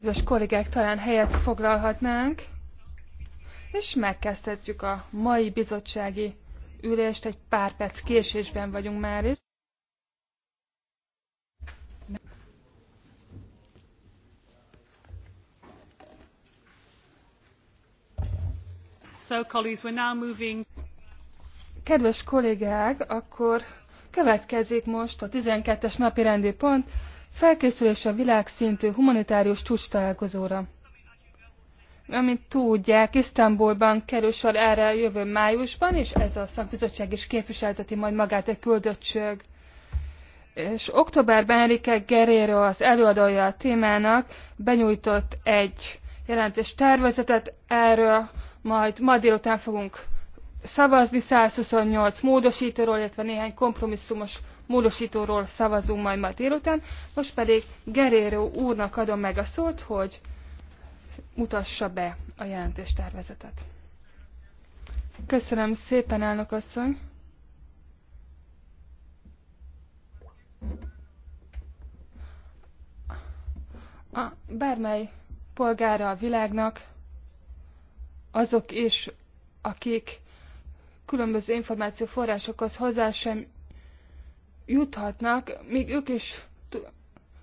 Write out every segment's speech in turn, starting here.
Kedves kollégák, talán helyet foglalhatnánk, és megkezdhetjük a mai bizottsági ülést, egy pár perc késésben vagyunk már is. So, colleagues, we're now moving... Kedves kollégák, akkor Következik most a 12-es napi rendi pont, felkészülés a világszintű humanitárius csúcs találkozóra. Amint tudják, Isztambulban kerül sor erre a jövő májusban, és ez a szakbizottság is képviselteti majd magát egy küldöttség. És októberben Erike Guerrero az előadója a témának benyújtott egy jelentés tervezetet, erről majd ma délután fogunk szavazni, 128 módosítóról, illetve néhány kompromisszumos módosítóról szavazunk majd ma délután. Most pedig Geréró úrnak adom meg a szót, hogy mutassa be a jelentéstervezetet. Köszönöm szépen, elnök asszony! A bármely polgára a világnak, azok is, akik különböző információforrásokhoz hozzá sem juthatnak, még ők is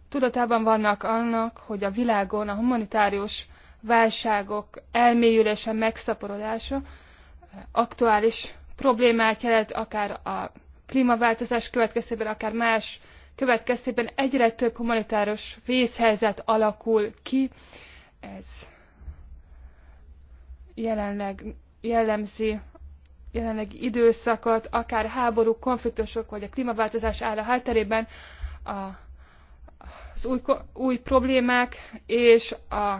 tudatában vannak annak, hogy a világon a humanitárius válságok elmélyülése, megszaporodása aktuális problémát jelent, akár a klímaváltozás következtében, akár más következtében egyre több humanitárius vészhelyzet alakul ki. Ez jelenleg jellemzi jelenlegi időszakot, akár háborúk, konfliktusok vagy a klímaváltozás áll a hátterében, a, az új, új problémák és a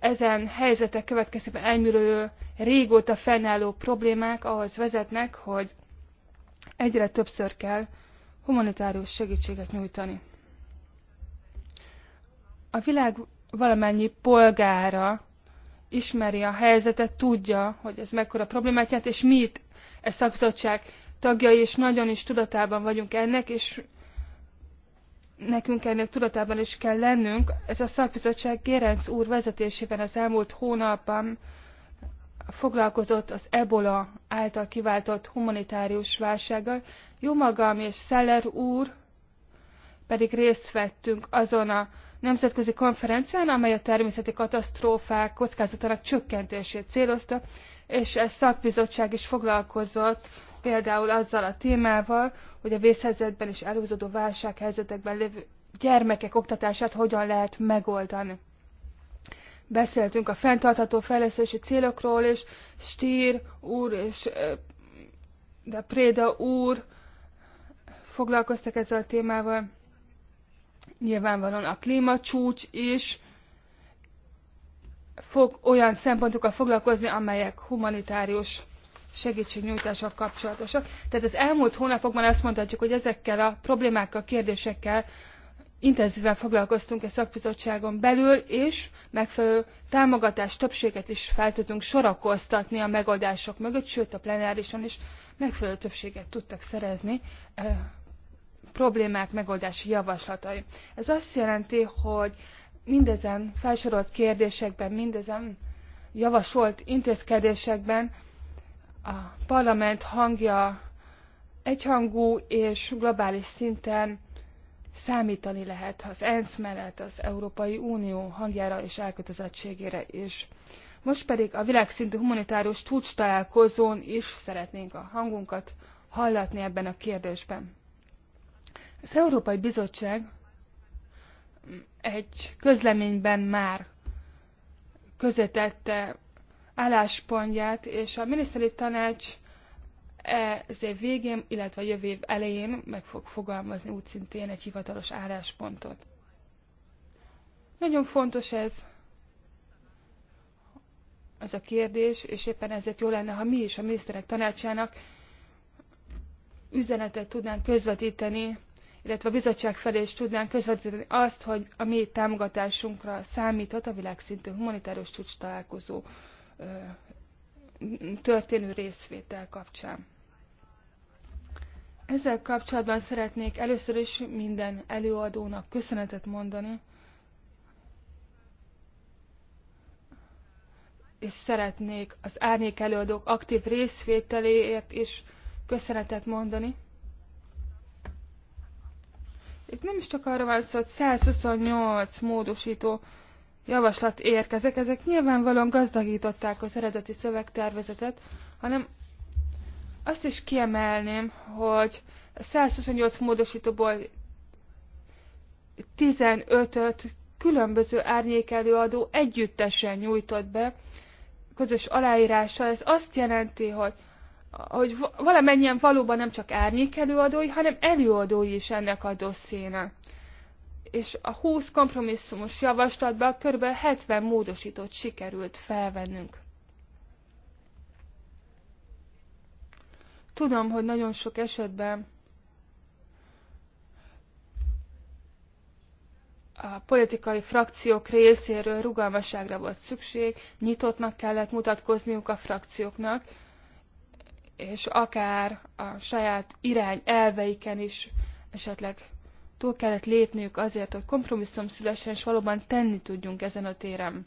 ezen helyzetek következtében elműlő régóta fennálló problémák ahhoz vezetnek, hogy egyre többször kell humanitárius segítséget nyújtani. A világ valamennyi polgára ismeri a helyzetet, tudja, hogy ez mekkora problémát jelent, és mi itt e szakbizottság tagjai, és nagyon is tudatában vagyunk ennek, és nekünk ennek tudatában is kell lennünk. Ez a szakbizottság Gérenc úr vezetésében az elmúlt hónapban foglalkozott az ebola által kiváltott humanitárius válsággal. Jó magam és Szeller úr pedig részt vettünk azon a nemzetközi konferencián, amely a természeti katasztrófák kockázatának csökkentését célozta, és ez szakbizottság is foglalkozott például azzal a témával, hogy a vészhelyzetben és elhúzódó válsághelyzetekben lévő gyermekek oktatását hogyan lehet megoldani. Beszéltünk a fenntartható fejlesztési célokról és Stír úr és de Préda úr foglalkoztak ezzel a témával nyilvánvalóan a klímacsúcs is fog olyan szempontokkal foglalkozni, amelyek humanitárius segítségnyújtással kapcsolatosak. Tehát az elmúlt hónapokban azt mondhatjuk, hogy ezekkel a problémákkal, kérdésekkel intenzíven foglalkoztunk a e szakbizottságon belül, és megfelelő támogatás többséget is fel tudtunk sorakoztatni a megoldások mögött, sőt a plenárison is megfelelő többséget tudtak szerezni problémák megoldási javaslatai. Ez azt jelenti, hogy mindezen felsorolt kérdésekben, mindezen javasolt intézkedésekben a parlament hangja egyhangú és globális szinten számítani lehet az ENSZ mellett az Európai Unió hangjára és elkötelezettségére is. Most pedig a világszintű humanitárius csúcs találkozón is szeretnénk a hangunkat hallatni ebben a kérdésben. Az Európai Bizottság egy közleményben már közvetette álláspontját, és a miniszteri tanács ez év végén, illetve jövő év elején meg fog fogalmazni úgy szintén egy hivatalos álláspontot. Nagyon fontos ez, ez a kérdés, és éppen ezért jó lenne, ha mi is a miniszterek tanácsának üzenetet tudnánk közvetíteni illetve a bizottság felé is tudnánk közvetíteni azt, hogy a mi támogatásunkra számított a világszintű humanitárius csúcs találkozó történő részvétel kapcsán. Ezzel kapcsolatban szeretnék először is minden előadónak köszönetet mondani, és szeretnék az árnyék előadók aktív részvételéért is köszönetet mondani. Itt nem is csak arra van szó, hogy 128 módosító javaslat érkezek, ezek nyilvánvalóan gazdagították az eredeti szövegtervezetet, hanem azt is kiemelném, hogy 128 módosítóból 15-öt különböző árnyékelőadó együttesen nyújtott be, közös aláírással. Ez azt jelenti, hogy hogy valamennyien valóban nem csak árnyék előadói, hanem előadói is ennek a dosszéna, És a 20 kompromisszumos javaslatban kb. 70 módosítót sikerült felvennünk. Tudom, hogy nagyon sok esetben a politikai frakciók részéről rugalmasságra volt szükség, nyitottnak kellett mutatkozniuk a frakcióknak, és akár a saját irány elveiken is esetleg túl kellett lépniük azért, hogy kompromisszum szülessen, és valóban tenni tudjunk ezen a téren.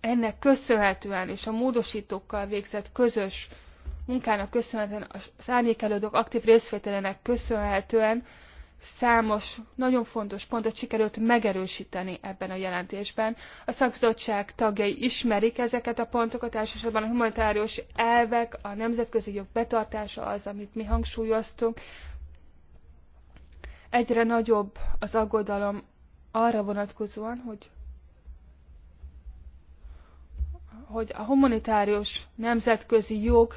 Ennek köszönhetően és a módosítókkal végzett közös munkának köszönhetően, az árnyékelődők aktív részvételének köszönhetően számos, nagyon fontos pontot sikerült megerősíteni ebben a jelentésben. A szakbizottság tagjai ismerik ezeket a pontokat, elsősorban a humanitárius elvek, a nemzetközi jog betartása az, amit mi hangsúlyoztunk. Egyre nagyobb az aggodalom arra vonatkozóan, hogy hogy a humanitárius nemzetközi jog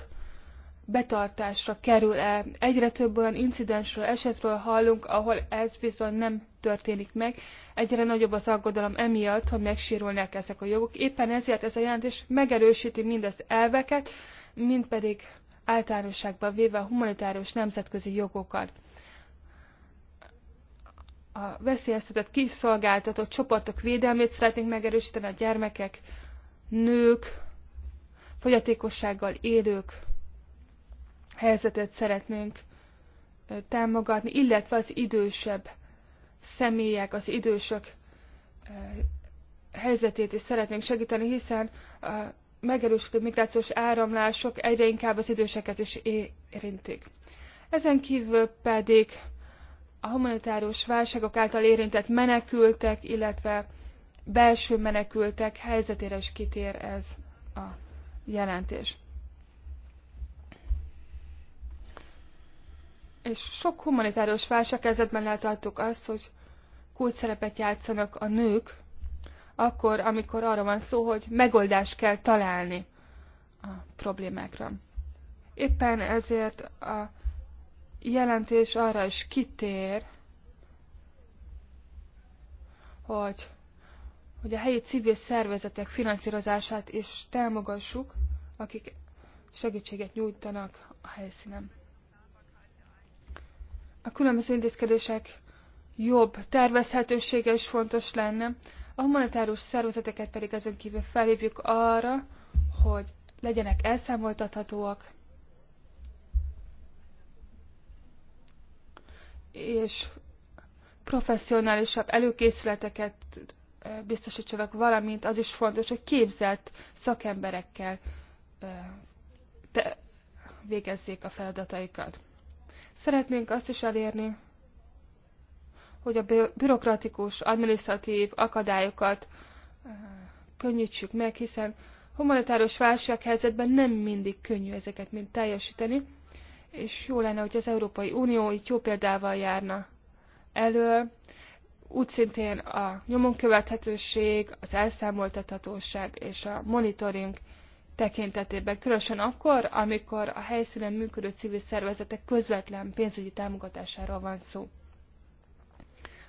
betartásra kerül el. Egyre több olyan incidensről, esetről hallunk, ahol ez bizony nem történik meg. Egyre nagyobb az aggodalom emiatt, hogy megsérülnek ezek a jogok. Éppen ezért ez a jelentés megerősíti mindezt elveket, mint pedig általánosságban véve a humanitárius nemzetközi jogokat a veszélyeztetett kiszolgáltatott csoportok védelmét szeretnénk megerősíteni a gyermekek, nők, fogyatékossággal élők helyzetet szeretnénk támogatni, illetve az idősebb személyek, az idősök helyzetét is szeretnénk segíteni, hiszen a megerősödő migrációs áramlások egyre inkább az időseket is érintik. Ezen kívül pedig a humanitárius válságok által érintett menekültek, illetve belső menekültek helyzetére is kitér ez a jelentés. és sok humanitárius kezdetben látottuk azt, hogy szerepet játszanak a nők, akkor, amikor arra van szó, hogy megoldást kell találni a problémákra. Éppen ezért a jelentés arra is kitér, hogy, hogy a helyi civil szervezetek finanszírozását is támogassuk, akik segítséget nyújtanak a helyszínen a különböző intézkedések jobb tervezhetősége is fontos lenne. A humanitárius szervezeteket pedig ezen kívül felhívjuk arra, hogy legyenek elszámoltathatóak, és professzionálisabb előkészületeket biztosítsanak, valamint az is fontos, hogy képzett szakemberekkel végezzék a feladataikat. Szeretnénk azt is elérni, hogy a bürokratikus, administratív akadályokat eh, könnyítsük meg, hiszen válság helyzetben nem mindig könnyű ezeket mind teljesíteni, és jó lenne, hogy az Európai Unió itt jó példával járna elő, úgy szintén a nyomonkövethetőség, az elszámoltathatóság és a monitoring tekintetében, különösen akkor, amikor a helyszínen működő civil szervezetek közvetlen pénzügyi támogatásáról van szó.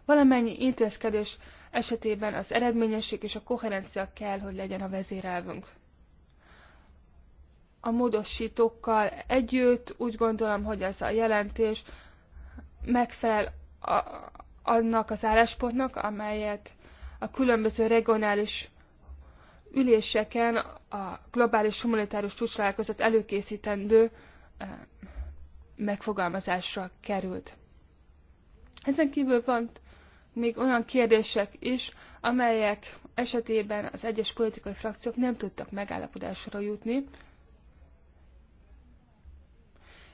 Valamennyi intézkedés esetében az eredményesség és a koherencia kell, hogy legyen a vezérelvünk. A módosítókkal együtt úgy gondolom, hogy ez a jelentés megfelel a, annak az álláspontnak, amelyet a különböző regionális üléseken a globális humanitárius csúcsalálkozat előkészítendő megfogalmazásra került. Ezen kívül van még olyan kérdések is, amelyek esetében az egyes politikai frakciók nem tudtak megállapodásra jutni.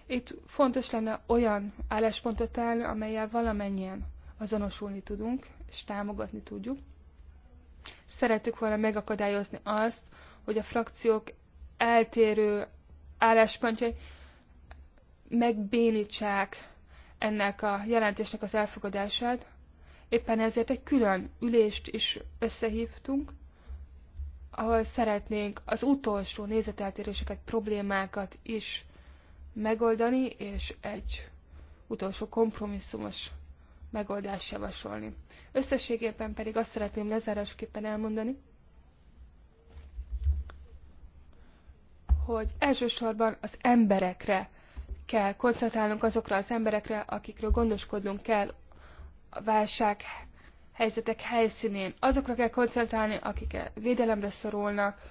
Itt fontos lenne olyan álláspontot állni, amelyel valamennyien azonosulni tudunk és támogatni tudjuk. Szeretük volna megakadályozni azt, hogy a frakciók eltérő álláspontjai megbénítsák ennek a jelentésnek az elfogadását. Éppen ezért egy külön ülést is összehívtunk, ahol szeretnénk az utolsó nézeteltéréseket, problémákat is megoldani, és egy utolsó kompromisszumos megoldást javasolni. Összességében pedig azt szeretném lezárásképpen elmondani, hogy elsősorban az emberekre kell koncentrálnunk, azokra az emberekre, akikről gondoskodnunk kell a válság helyzetek helyszínén. Azokra kell koncentrálni, akik védelemre szorulnak,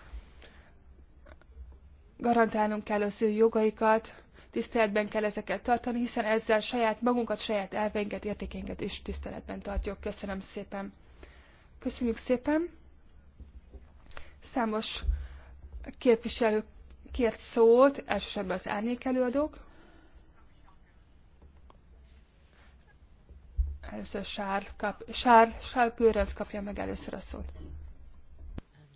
garantálnunk kell az ő jogaikat, tiszteletben kell ezeket tartani, hiszen ezzel saját magunkat, saját elveinket, értékeinket is tiszteletben tartjuk. Köszönöm szépen! Köszönjük szépen! Számos képviselő kért szót, elsősorban az árnyék előadók. Először Sár, kap, Sár, Sár Gőrenc kapja meg először a szót.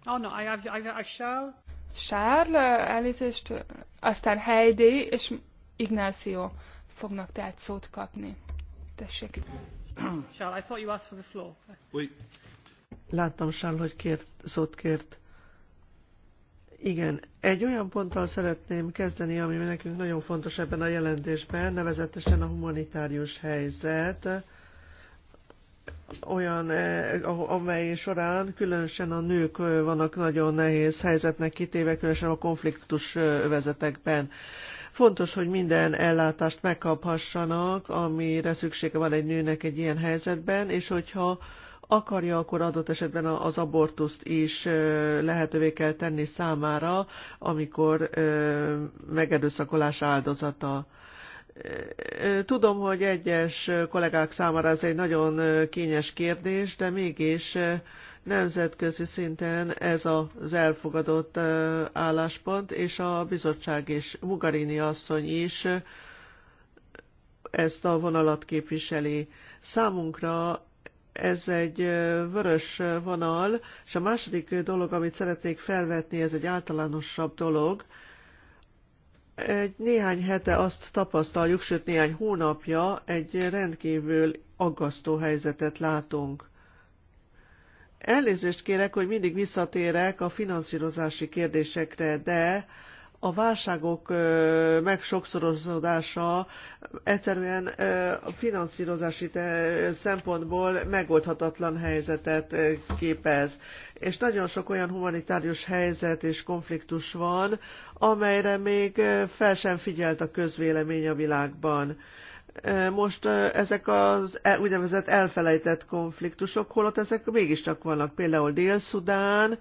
Oh no, I, I, I shall. Charles, elnézést, aztán Heidi és Ignácio fognak tehát szót kapni. Tessék. Charles, I thought you asked for the floor. Oui. Láttam, Charles, hogy kért, szót kért. Igen, egy olyan ponttal szeretném kezdeni, ami nekünk nagyon fontos ebben a jelentésben, nevezetesen a humanitárius helyzet olyan, eh, amely során különösen a nők eh, vannak nagyon nehéz helyzetnek kitéve, különösen a konfliktus eh, övezetekben. Fontos, hogy minden ellátást megkaphassanak, amire szüksége van egy nőnek egy ilyen helyzetben, és hogyha akarja, akkor adott esetben az abortuszt is lehetővé kell tenni számára, amikor megerőszakolás áldozata. Tudom, hogy egyes kollégák számára ez egy nagyon kényes kérdés, de mégis nemzetközi szinten ez az elfogadott álláspont, és a bizottság is, Mugarini asszony is ezt a vonalat képviseli. Számunkra ez egy vörös vonal, és a második dolog, amit szeretnék felvetni, ez egy általánosabb dolog, egy néhány hete azt tapasztaljuk, sőt néhány hónapja egy rendkívül aggasztó helyzetet látunk. Elnézést kérek, hogy mindig visszatérek a finanszírozási kérdésekre, de a válságok megsokszorozódása egyszerűen a finanszírozási szempontból megoldhatatlan helyzetet képez. És nagyon sok olyan humanitárius helyzet és konfliktus van, amelyre még fel sem figyelt a közvélemény a világban most ezek az e-, úgynevezett elfelejtett konfliktusok, holott ezek mégiscsak vannak. Például Dél-Szudán,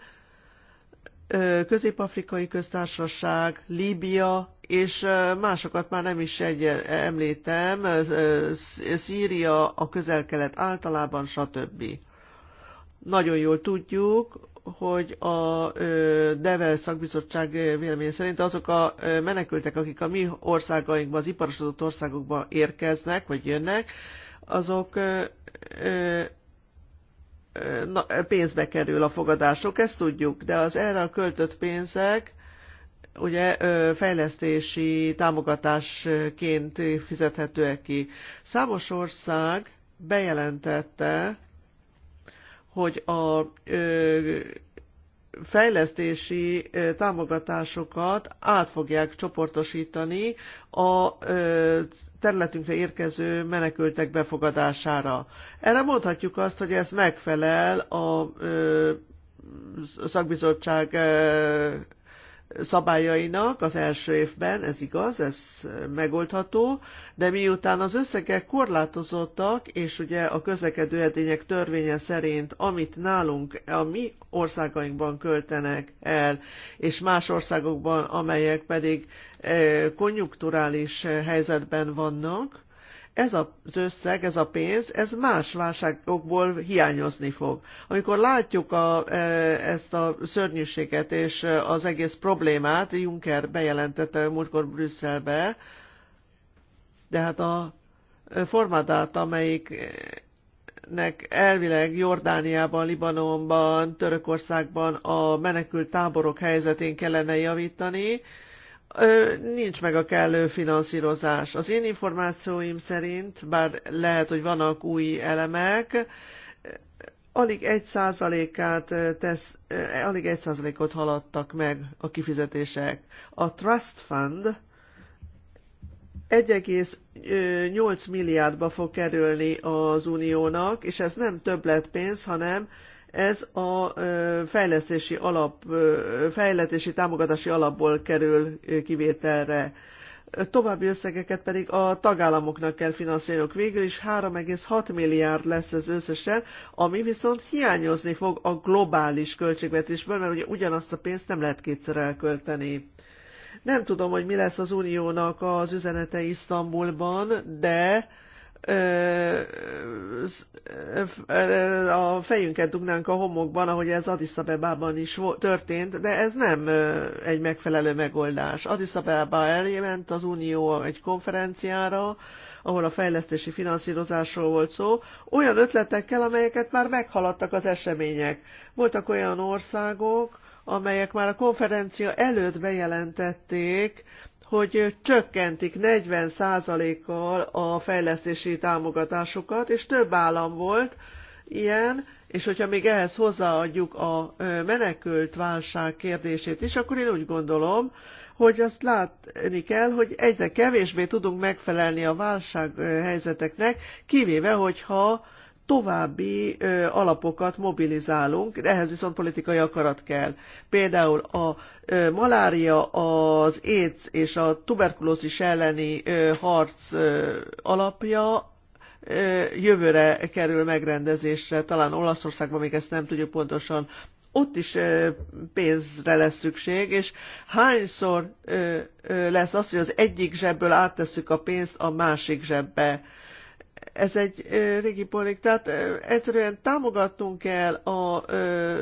Közép-Afrikai Köztársaság, Líbia, és másokat már nem is egy említem, Szíria, a közel-kelet általában, stb. Nagyon jól tudjuk, hogy a Devel szakbizottság véleménye szerint azok a menekültek, akik a mi országainkba, az iparosodott országokba érkeznek, vagy jönnek, azok pénzbe kerül a fogadások, ezt tudjuk, de az erre a költött pénzek ugye fejlesztési támogatásként fizethetőek ki. Számos ország bejelentette, hogy a fejlesztési támogatásokat át fogják csoportosítani a területünkre érkező menekültek befogadására. Erre mondhatjuk azt, hogy ez megfelel a szakbizottság szabályainak az első évben, ez igaz, ez megoldható, de miután az összegek korlátozottak, és ugye a közlekedő edények törvénye szerint, amit nálunk, a mi országainkban költenek el, és más országokban, amelyek pedig eh, konjunkturális eh, helyzetben vannak, ez az összeg, ez a pénz, ez más válságokból hiányozni fog. Amikor látjuk a, e, ezt a szörnyűséget és az egész problémát, Juncker bejelentette múltkor Brüsszelbe, de hát a formátát, amelyiknek elvileg Jordániában, Libanonban, Törökországban a menekült táborok helyzetén kellene javítani, nincs meg a kellő finanszírozás. Az én információim szerint, bár lehet, hogy vannak új elemek, alig egy százalékát, tesz, alig egy százalékot haladtak meg a kifizetések. A Trust Fund 1,8 milliárdba fog kerülni az uniónak, és ez nem többletpénz, hanem ez a fejlesztési alap, fejletési támogatási alapból kerül kivételre. További összegeket pedig a tagállamoknak kell finanszírozniuk. Végül is 3,6 milliárd lesz ez összesen, ami viszont hiányozni fog a globális költségvetésből, mert ugye ugyanazt a pénzt nem lehet kétszer elkölteni. Nem tudom, hogy mi lesz az uniónak az üzenete Isztambulban, de a fejünket dugnánk a homokban, ahogy ez Addis Abebában is történt, de ez nem egy megfelelő megoldás. Addis Abeba elment az Unió egy konferenciára, ahol a fejlesztési finanszírozásról volt szó, olyan ötletekkel, amelyeket már meghaladtak az események. Voltak olyan országok, amelyek már a konferencia előtt bejelentették, hogy csökkentik 40%-kal a fejlesztési támogatásokat, és több állam volt ilyen, és hogyha még ehhez hozzáadjuk a menekült válság kérdését is, akkor én úgy gondolom, hogy azt látni kell, hogy egyre kevésbé tudunk megfelelni a válság helyzeteknek, kivéve, hogyha további ö, alapokat mobilizálunk, de ehhez viszont politikai akarat kell. Például a ö, malária, az AIDS és a tuberkulózis elleni ö, harc ö, alapja ö, jövőre kerül megrendezésre, talán Olaszországban még ezt nem tudjuk pontosan. Ott is ö, pénzre lesz szükség, és hányszor ö, ö, lesz az, hogy az egyik zsebből áttesszük a pénzt a másik zsebbe. Ö, ez egy régi politik, tehát egyszerűen támogatnunk kell a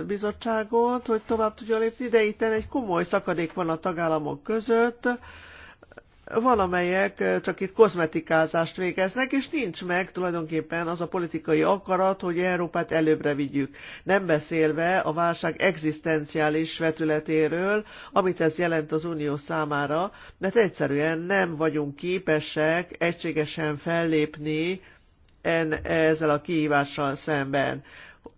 bizottságot, hogy tovább tudjon lépni, de itt egy komoly szakadék van a tagállamok között, valamelyek csak itt kozmetikázást végeznek, és nincs meg tulajdonképpen az a politikai akarat, hogy Európát előbbre vigyük. Nem beszélve a válság egzisztenciális vetületéről, amit ez jelent az Unió számára, mert egyszerűen nem vagyunk képesek egységesen fellépni en, ezzel a kihívással szemben.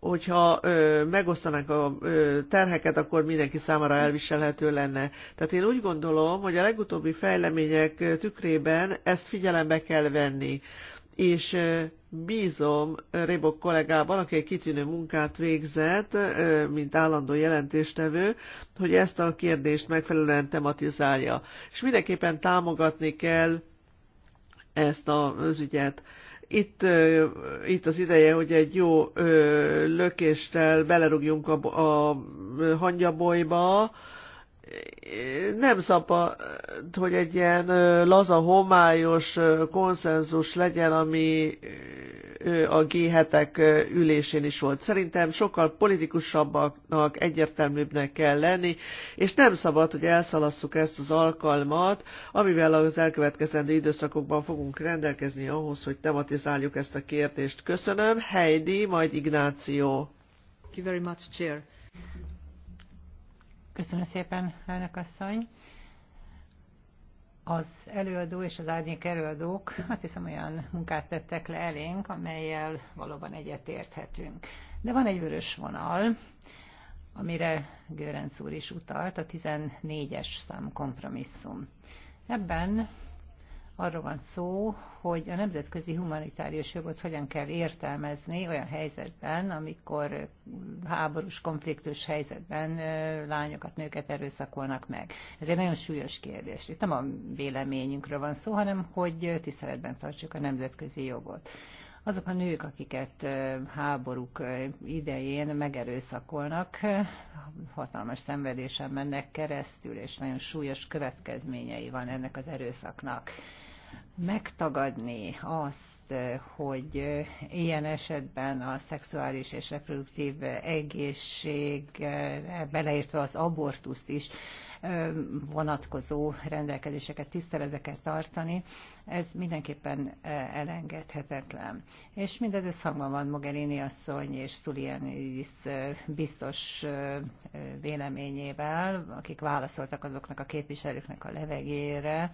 Hogyha ö, megosztanak a ö, terheket, akkor mindenki számára elviselhető lenne. Tehát én úgy gondolom, hogy a legutóbbi fejlemények tükrében ezt figyelembe kell venni. És ö, bízom Rébok kollégában, aki egy kitűnő munkát végzett, mint állandó jelentéstevő, hogy ezt a kérdést megfelelően tematizálja. És mindenképpen támogatni kell ezt az ügyet itt, itt az ideje, hogy egy jó lökéstel belerúgjunk a, a hangyabolyba, nem szabad, hogy egy ilyen laza, homályos konszenzus legyen, ami a G7-ek ülésén is volt. Szerintem sokkal politikusabbnak, egyértelműbbnek kell lenni, és nem szabad, hogy elszalasszuk ezt az alkalmat, amivel az elkövetkezendő időszakokban fogunk rendelkezni ahhoz, hogy tematizáljuk ezt a kérdést. Köszönöm. Heidi, majd Ignáció. Thank you very much, Chair. Köszönöm szépen, elnök asszony az előadó és az árnyék előadók azt hiszem olyan munkát tettek le elénk, amelyel valóban egyetérthetünk. De van egy vörös vonal, amire Görenc úr is utalt, a 14-es szám kompromisszum. Ebben Arról van szó, hogy a nemzetközi humanitárius jogot hogyan kell értelmezni olyan helyzetben, amikor háborús, konfliktus helyzetben lányokat, nőket erőszakolnak meg. Ez egy nagyon súlyos kérdés. Itt nem a véleményünkről van szó, hanem hogy tiszteletben tartsuk a nemzetközi jogot azok a nők, akiket háborúk idején megerőszakolnak, hatalmas szenvedésen mennek keresztül, és nagyon súlyos következményei van ennek az erőszaknak megtagadni azt, hogy ilyen esetben a szexuális és reproduktív egészség, beleértve az abortuszt is, vonatkozó rendelkezéseket tiszteletbe kell tartani, ez mindenképpen elengedhetetlen. És mindez összhangban van Mogherini asszony és Tulianis biztos véleményével, akik válaszoltak azoknak a képviselőknek a levegére,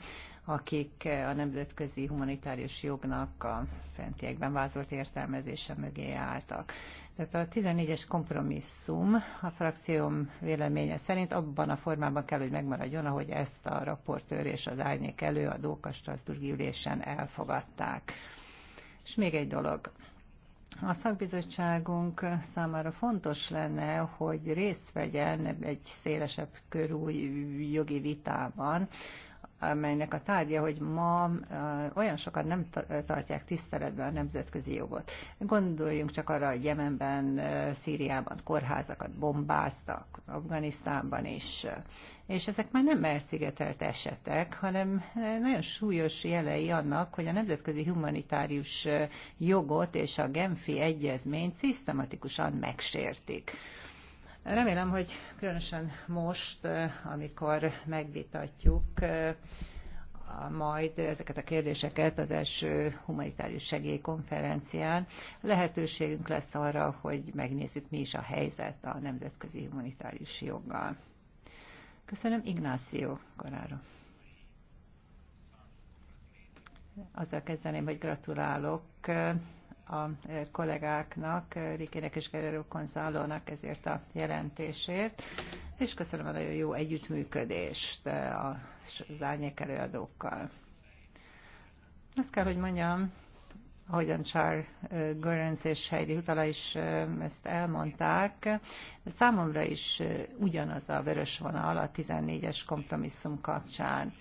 akik eh, a nemzetközi humanitárius jognak a fentiekben vázolt értelmezése mögé álltak. Tehát a 14-es kompromisszum a frakcióm véleménye szerint abban a formában kell, hogy megmaradjon, ahogy ezt a raportőr és az árnyék előadók a Strasburgi ülésen elfogadták. És még egy dolog. A szakbizottságunk számára fontos lenne, hogy részt vegyen egy szélesebb körű jogi vitában amelynek a tárgya, hogy ma olyan sokan nem tartják tiszteletben a nemzetközi jogot. Gondoljunk csak arra, hogy Jemenben, Szíriában kórházakat bombáztak, Afganisztánban is. És ezek már nem elszigetelt esetek, hanem nagyon súlyos jelei annak, hogy a nemzetközi humanitárius jogot és a Genfi egyezményt szisztematikusan megsértik. Remélem, hogy különösen most, amikor megvitatjuk majd ezeket a kérdéseket az első humanitárius segélykonferencián, lehetőségünk lesz arra, hogy megnézzük, mi is a helyzet a nemzetközi humanitárius joggal. Köszönöm, Ignácio Garára. Azzal kezdeném, hogy gratulálok a eh, kollégáknak, eh, Rikének és Gerero Konzálónak ezért a jelentésért, és köszönöm a nagyon jó együttműködést eh, az árnyék előadókkal. Azt kell, hogy mondjam, ahogyan Charles Görönc és Heidi Hutala is ezt elmondták, számomra is ugyanaz a vörös vonal a 14-es kompromisszum kapcsán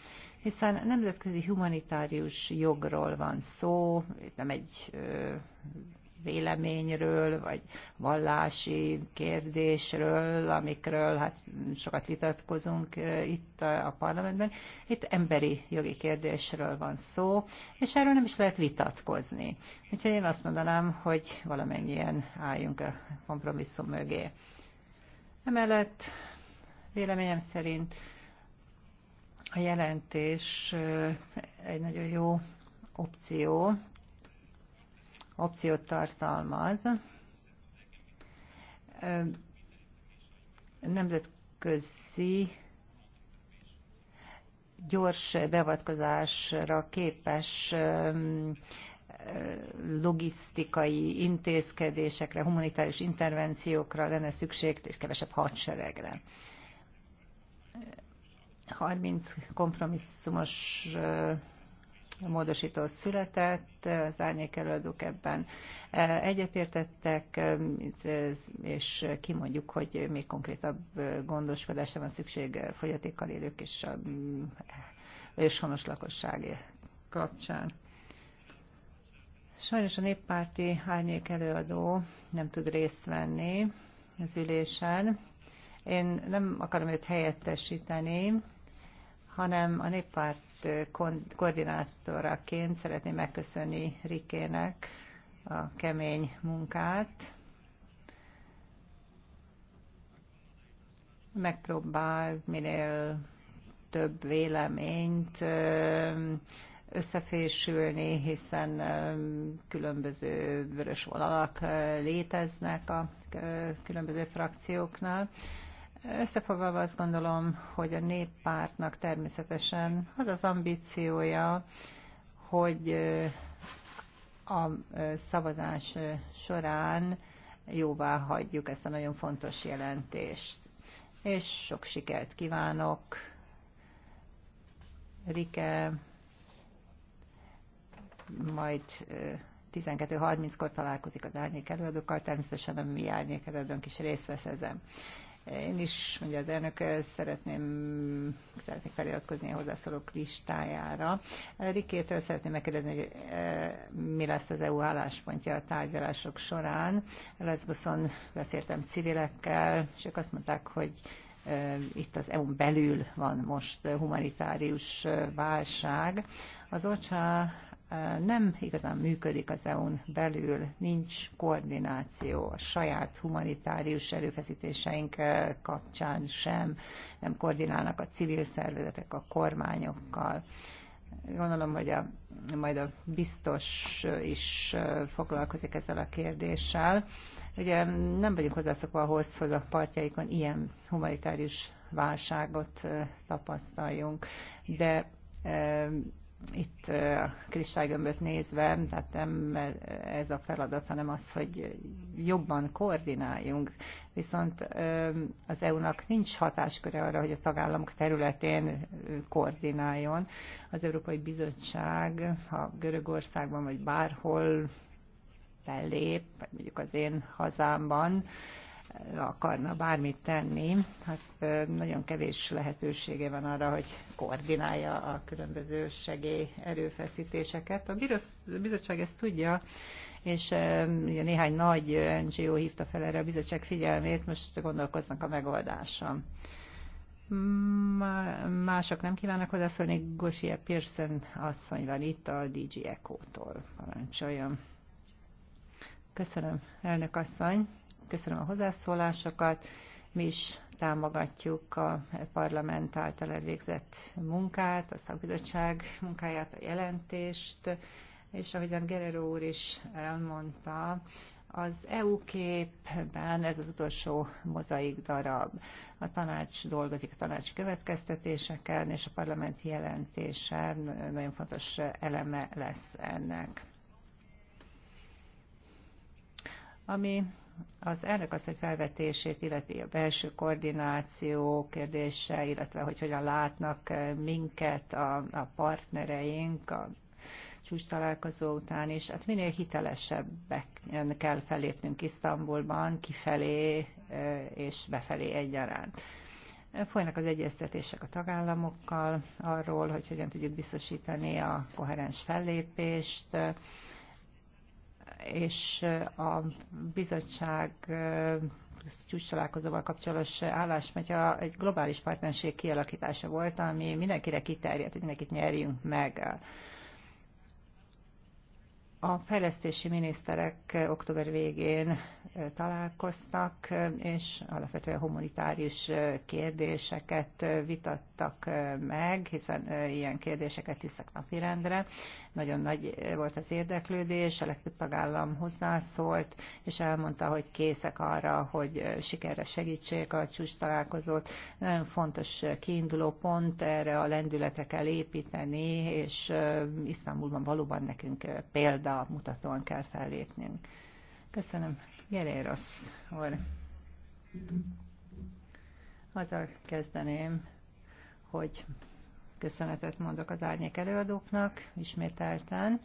hiszen nemzetközi humanitárius jogról van szó, nem egy véleményről, vagy vallási kérdésről, amikről hát sokat vitatkozunk itt a parlamentben. Itt emberi jogi kérdésről van szó, és erről nem is lehet vitatkozni. Úgyhogy én azt mondanám, hogy valamennyien álljunk a kompromisszum mögé. Emellett véleményem szerint a jelentés egy nagyon jó opció, opciót tartalmaz. Nemzetközi gyors beavatkozásra képes logisztikai intézkedésekre, humanitárius intervenciókra lenne szükség, és kevesebb hadseregre. 30 kompromisszumos módosító született, az árnyék előadók ebben egyetértettek, és kimondjuk, hogy még konkrétabb gondoskodásra van szükség fogyatékkal élők és a őshonos lakosság kapcsán. Sajnos a néppárti árnyék előadó nem tud részt venni az ülésen. Én nem akarom őt helyettesíteni, hanem a néppárt eh, koordinátoraként szeretném megköszönni Rikének a kemény munkát. Megpróbál minél több véleményt eh, összefésülni, hiszen eh, különböző vörös vonalak léteznek a különböző frakcióknál. Összefoglalva azt gondolom, hogy a néppártnak természetesen az az ambíciója, hogy a szavazás során jóvá hagyjuk ezt a nagyon fontos jelentést. És sok sikert kívánok Rike, majd 12.30-kor találkozik az árnyék előadókkal, természetesen a mi árnyék előadónk is részt vesz ezen. Én is, mondja az elnök, szeretném, szeretnék feliratkozni a hozzászólók listájára. Rikétől szeretném megkérdezni, hogy eh, mi lesz az EU álláspontja a tárgyalások során. Lesboszon beszéltem civilekkel, és ők azt mondták, hogy eh, itt az EU-n belül van most eh, humanitárius válság. Az OCSA nem igazán működik az EU-n belül, nincs koordináció a saját humanitárius erőfeszítéseink eh, kapcsán sem, nem koordinálnak a civil szervezetek a kormányokkal. Gondolom, hogy a, majd a biztos is eh, foglalkozik ezzel a kérdéssel. Ugye nem vagyunk hozzászokva ahhoz, hogy a partjaikon ilyen humanitárius válságot eh, tapasztaljunk, de itt a kristálygömböt nézve, tehát nem ez a feladat, hanem az, hogy jobban koordináljunk. Viszont az EU-nak nincs hatásköre arra, hogy a tagállamok területén koordináljon. Az Európai Bizottság, ha Görögországban vagy bárhol fellép, mondjuk az én hazámban, akarna bármit tenni, hát nagyon kevés lehetősége van arra, hogy koordinálja a különböző segély erőfeszítéseket. A bizottság ezt tudja, és ugye néhány nagy NGO hívta fel erre a bizottság figyelmét, most gondolkoznak a megoldáson. Mások nem kívánnak hozzászólni, Gosia Pearson asszony van itt a DG Eco-tól. Köszönöm, elnök asszony. Köszönöm a hozzászólásokat. Mi is támogatjuk a parlament által elvégzett munkát, a szakbizottság munkáját, a jelentést, és ahogyan Gerero úr is elmondta, az EU képben ez az utolsó mozaik darab. A tanács dolgozik a tanács következtetéseken, és a parlamenti jelentésen nagyon fontos eleme lesz ennek. Ami az elnök hogy felvetését illeti a belső koordináció kérdése, illetve hogy hogyan látnak eh, minket a, a partnereink, a csúcs találkozó után is, hát minél hitelesebbek kell felépnünk Isztambulban, kifelé eh, és befelé egyaránt. Folynak az egyeztetések a tagállamokkal arról, hogy hogyan tudjuk biztosítani a koherens fellépést, és a bizottság csúcstalálkozóval kapcsolatos állás, mert egy globális partnerség kialakítása volt, ami mindenkire kiterjedt, hogy mindenkit nyerjünk meg. A fejlesztési miniszterek október végén találkoztak, és alapvetően humanitárius kérdéseket vitat, hívtak meg, hiszen ilyen kérdéseket tűztek napirendre. Nagyon nagy volt az érdeklődés, a legtöbb tagállam hozzászólt, és elmondta, hogy készek arra, hogy sikerre segítsék a csúcs találkozót. Nagyon fontos kiinduló pont, erre a lendületre kell építeni, és Isztambulban valóban nekünk példamutatóan kell fellépnünk. Köszönöm. Geréros úr. Azzal kezdeném, hogy köszönetet mondok az árnyék előadóknak ismételten,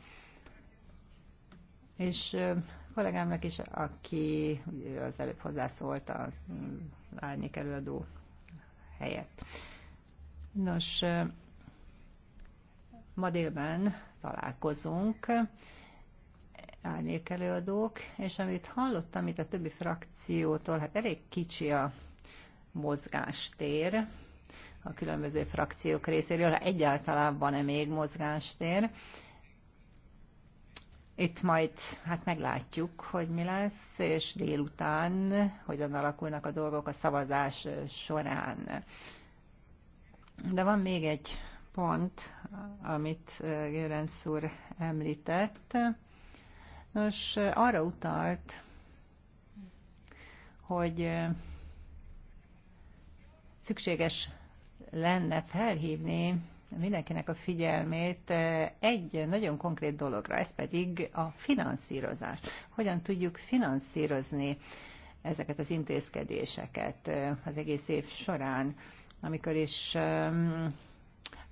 és kollégámnak is, aki az előbb hozzászólt az árnyék előadó helyett. Nos, ma délben találkozunk, árnyék előadók, és amit hallottam itt a többi frakciótól, hát elég kicsi a mozgástér, a különböző frakciók részéről, ha egyáltalán van-e még mozgástér. Itt majd hát meglátjuk, hogy mi lesz, és délután hogyan alakulnak a dolgok a szavazás során. De van még egy pont, amit eh, Gérenc úr említett. Nos, eh, arra utalt, hogy eh, szükséges lenne felhívni mindenkinek a figyelmét eh, egy nagyon konkrét dologra, ez pedig a finanszírozás. Hogyan tudjuk finanszírozni ezeket az intézkedéseket eh, az egész év során, amikor is ehm,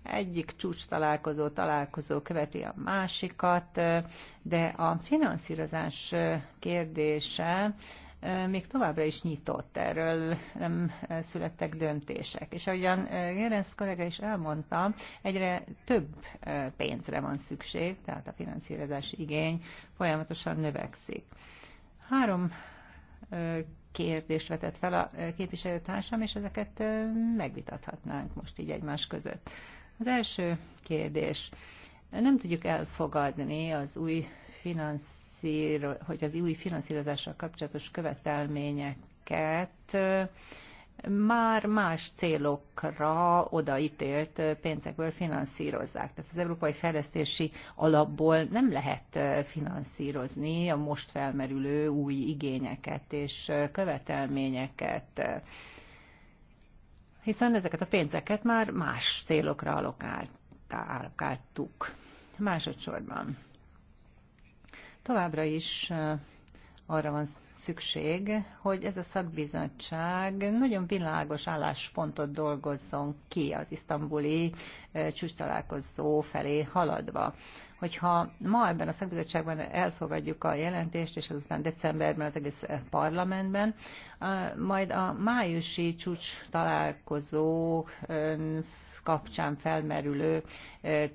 egyik csúcs találkozó, találkozó követi a másikat, eh, de a finanszírozás kérdése még továbbra is nyitott, erről nem születtek döntések. És ahogyan Gerenc kollega is elmondta, egyre több pénzre van szükség, tehát a finanszírozási igény folyamatosan növekszik. Három kérdést vetett fel a képviselőtársam, és ezeket megvitathatnánk most így egymás között. Az első kérdés. Nem tudjuk elfogadni az új finansz finanszíro, hogy az új finanszírozással kapcsolatos követelményeket már más célokra odaítélt pénzekből finanszírozzák. Tehát az Európai Fejlesztési Alapból nem lehet finanszírozni a most felmerülő új igényeket és követelményeket, hiszen ezeket a pénzeket már más célokra alokáltuk Másodszorban Továbbra is arra van szükség, hogy ez a szakbizottság nagyon világos álláspontot dolgozzon ki az isztambuli csúcstalálkozó felé haladva. Hogyha ma ebben a szakbizottságban elfogadjuk a jelentést, és azután decemberben az egész parlamentben, majd a májusi csúcs találkozó kapcsán felmerülő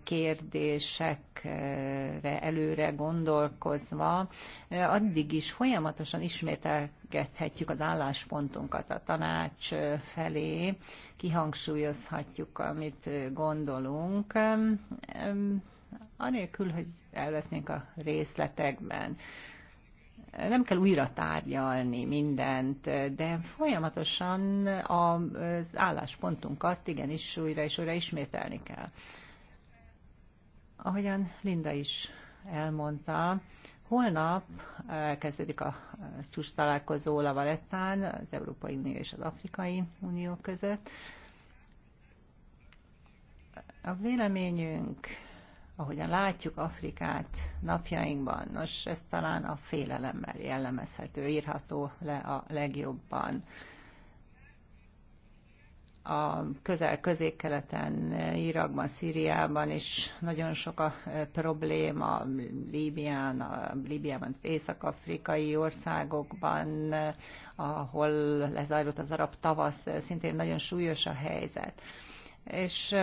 kérdésekre előre gondolkozva, addig is folyamatosan ismételgethetjük az álláspontunkat a tanács felé, kihangsúlyozhatjuk, amit gondolunk, anélkül, hogy elvesznénk a részletekben nem kell újra tárgyalni mindent, de folyamatosan az álláspontunkat igenis újra és újra ismételni kell. Ahogyan Linda is elmondta, holnap kezdődik a csúcs találkozó La Valettán, az Európai Unió és az Afrikai Unió között. A véleményünk ahogyan látjuk Afrikát napjainkban. Nos, ez talán a félelemmel jellemezhető, írható le a legjobban. A közel közékkeleten Irakban, Szíriában is nagyon sok a e, probléma, Líbián, a Líbiában, észak-afrikai országokban, ahol lezajlott az arab tavasz, szintén nagyon súlyos a helyzet és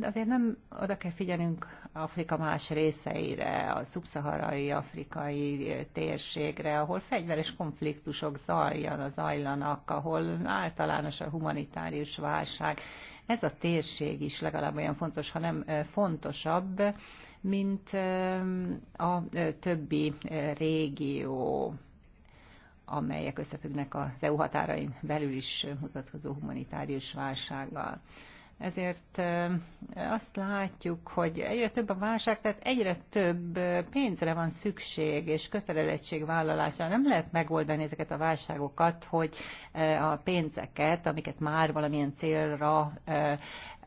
azért nem oda kell figyelnünk Afrika más részeire, a szubszaharai afrikai térségre, ahol fegyveres konfliktusok zajjan, zajlanak, ahol általános a humanitárius válság. Ez a térség is legalább olyan fontos, ha nem fontosabb, mint a többi régió amelyek összefüggnek az EU határain belül is mutatkozó humanitárius válsággal ezért azt látjuk, hogy egyre több a válság, tehát egyre több pénzre van szükség és kötelezettség vállalása. Nem lehet megoldani ezeket a válságokat, hogy a pénzeket, amiket már valamilyen célra